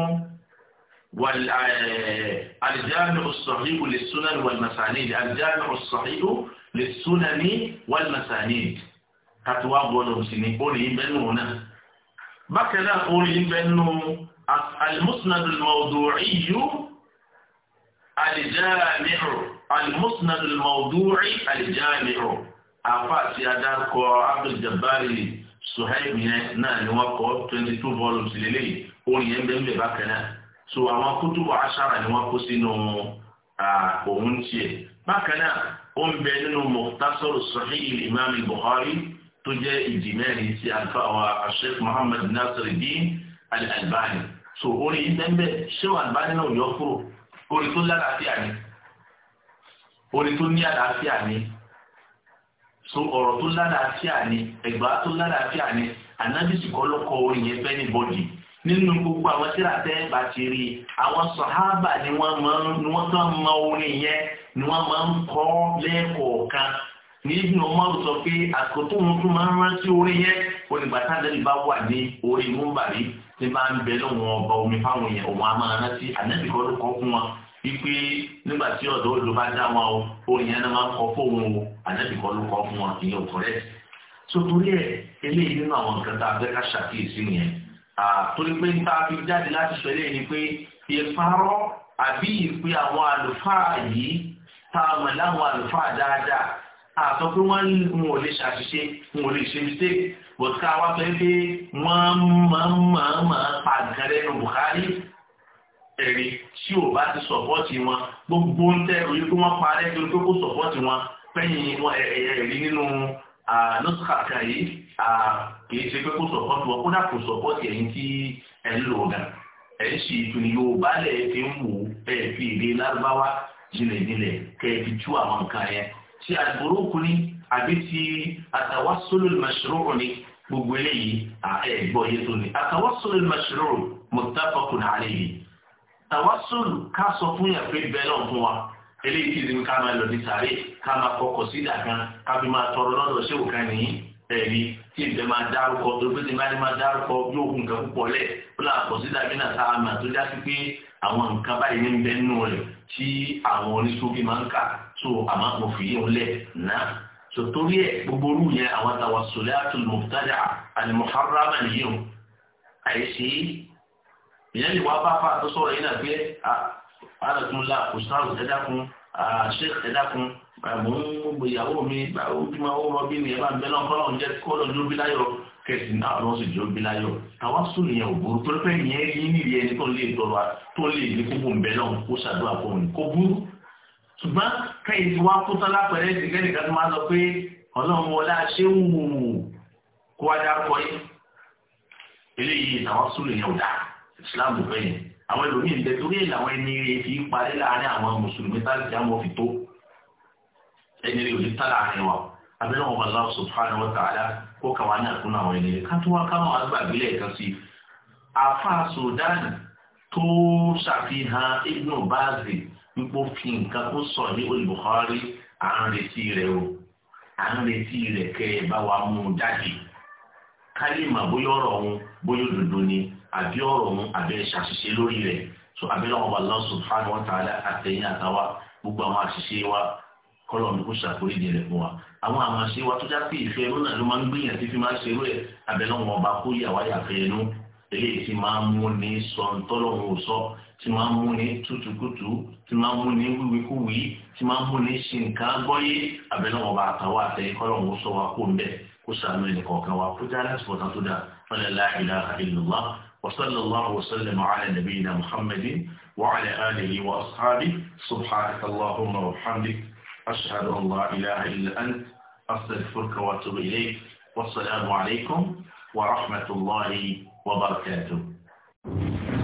eh, alijami ọ̀sọ̀híhù lè súnánú wàlmasanid alijami ọ̀sọ̀híhù lè súnání wàlmasanid thirty one volumes ní orin yìí bẹ́ẹ̀ bákan náà orin yìí bẹ́ẹ̀ nù alimusnadul mawdu'iyu المسند الموضوع الجامع àfáàtì adákọ abdulgabari suhaib yẹn náà ni wọ́n kọ twenty two volumes lélẹ̀ orin yẹn bẹ́ẹ̀ bẹ́ẹ̀ bákan náà so àwọn kútùbù aṣára ni wọ́n kó sínú òun tiẹ̀ bákan náà ó ń bẹ nínú mukhtasar sahih imam bukhari tó jẹ́ ìdí mẹ́rin sí alfa wa sheikh muhammad nasiruddin al-albani so orin yìí bẹ́ẹ̀ bẹ́ẹ̀ sheikh albani náà yọ kúrò orin tó lára àti àná orin tó ní àlàáfíà ni so ọ̀rọ̀ tó lálàáfíà ni ẹ̀gbá tó lálàáfíà ni ànábìsì kọ́ lọ́kọ́ orin yẹn fẹ́ ní bọ́dì nínú gbogbo àwọn tíra tẹ́ bá ti rí àwọn sọ̀hábà ni wọ́n máa ń ni wọ́n tán mọ orin yẹn ni wọ́n máa ń kọ́ lẹ́ẹ̀kọ̀ọ̀kan ní Ibn Umar sọ pé àkótó wọn tún máa ń rántí orin yẹn onígbàtà lẹ́nu bá wà ní orí múmbàrí tí bá ń bẹ lọ́wọ́ ọba omi fáwọn yẹn òun á máa rántí ànábìkọ́ ló kọ́ fún wọn ipe nígbà tí ọ̀dọ́ olùdó bá dá wọn o orin yẹn náà máa ń kọ fóun o ànábì kọ́ ló kọ́ fún wọn ìyẹn ò kọ́rẹ́ sotori ẹ eléyìí nínú àwọn nǹkan tá a fẹ́ ká ṣàkíyèsí nìyẹn torí pé nípa fi jáde láti sọ eléyìí ni pé ìparọ́ àbí ìpè àwọn àlùfáà yìí tá a mọ̀ láwọn àlùfáà dáadáa àtọ́ pé wọ́n ń wọn ò lè ṣàṣìṣe wọn ò lè ṣe mistake but ká wá pé pé wọ́n máa ń máa ń máa ń pa nǹkan lẹ́nu Buhari ẹ̀rí tí ò bá ti sọ̀pọ́ọ̀tì wọn gbogbo ń tẹ́ oyè kó wọ́n parẹ́ kí ó kó sọ̀pọ́ọ̀tì wọn fẹ́yìn wọn ẹ̀rí nínú nọ́sùkàkà yìí kìí ṣe pé kó sọ̀pọ́ọ̀tì wọn kódà kó sọ̀pọ́ọ̀tì ẹ̀yìn tí ẹ̀ ń lò gà ẹ̀ ń ṣe ìtùnú Yorùbá lẹ̀ fi ń wò ẹ̀ fi èdè lárúbáwá jinlẹ̀jinlẹ̀ kẹ́ ẹ fi tú àwọn nǹkan yẹn ti àgbòrókù ni àbí ti àtàwásólù ni gbogbo tàwásùlù ká sọ fún yàn pé bẹ́ẹ̀ náà fún wa eléyìí ti sinmi ká máa lọ ní sàárè ká máa kọkọ̀ sí ìdàkan ká fi máa tọrọ lọ́dọ̀ ṣé òkan nìyí ẹ̀rí tí ìbẹ̀ máa dárúkọ tó gbé tí máa ní máa dárúkọ yóò kún nǹkan púpọ̀ lẹ̀ ó là kọ̀ sí dàbí náà sáà mà tó já pé àwọn nǹkan báyìí ní bẹ́ẹ̀ nù rẹ̀ tí àwọn oníṣòwò máa ń kà tó àmọ́ mo fi lẹ̀ náà ìyẹn lè wá bá fà tó sọ̀rọ̀ yìí náà pé àrùtúnlá kùsùtàrù ẹ̀dá kun sheikh ẹ̀dá kun mò ń gbé ìyàwó mi ó bí ma ó rọ bí mi ẹ bá ń bẹ náà kọ́ lọ́n jẹ́ kọ́ lọ́n ló bí láyọ̀ kẹsì náà lọ́n sì jó bí láyọ̀ tàwa sùn yẹn ò burú torí pé ìyẹn yí nìyí ẹni tó lè dọ̀rọ̀ tó lè ní kókó ń bẹ náà kó ṣàdúrà fún mi kó burú ṣùgbọ́n kẹ́yìn tí wá kó tán lápẹ̀rẹ́ ti kẹ́nìkan tó máa sọ pé ọlọ́run wọlé islam bẹ́ẹ̀ àwọn ẹlòmíì ń bẹ torí èlò àwọn ẹni rẹ fi parí láàrin àwọn mùsùlùmí tá àti àwọn òfin tó ẹni rẹ ò ní tá láàrin wa abẹ́rẹ́ wọn Allah subhanahu wa ta'ala kó kàwá ní àkúnná àwọn ẹni rẹ ká tó wá káwọn agbàgbélẹ̀ kan sí i àfa Sudan tó ṣàfihàn Ibn Baz wípé fi nǹkan kó sọ ní olùbùkárí à ń retí rẹ o à ń retí rẹ kẹ ẹ bá wa mú un jáde ká lè òun bóyá òdodo ni àbí ọ̀rọ̀ mu àbí ṣàṣìṣe lórí rẹ̀ so abẹ́lẹ́wọ̀n bá Allah subhanahu wa ta'ala àtẹ̀yìn àtàwà gbogbo àwọn àṣìṣe wa kọ́lọ̀ ní kó ṣàforíjì rẹ̀ fún wa àwọn àmàṣe wa tó já pé ìfẹ́ ẹnu náà ló máa ń gbìyànjú fífi máa ṣerú ẹ̀ abẹ́lẹ́wọ̀n ọba kó yàwá yàfẹ́ ẹnu eléyìí tí máa ń mú ní sọ ntọ́lọ́hún òsọ tí máa ń mú ní tutukutu tí máa ń mú ní wíwíkúwí tí máa ń mú ní ṣìǹkà gbọ́yé abẹ́lẹ́wọ̀n ọba àtàwọn àtẹ̀yìn kọ́lọ̀hún sọ wa kó ń bẹ̀ kó ṣàánú ẹnì kọ̀ọ̀kan wa وصلى الله وسلم على نبينا محمد وعلى آله وأصحابه سبحانك اللهم وبحمدك أشهد أن لا إله إلا أنت أستغفرك وأتوب إليك والسلام عليكم ورحمة الله وبركاته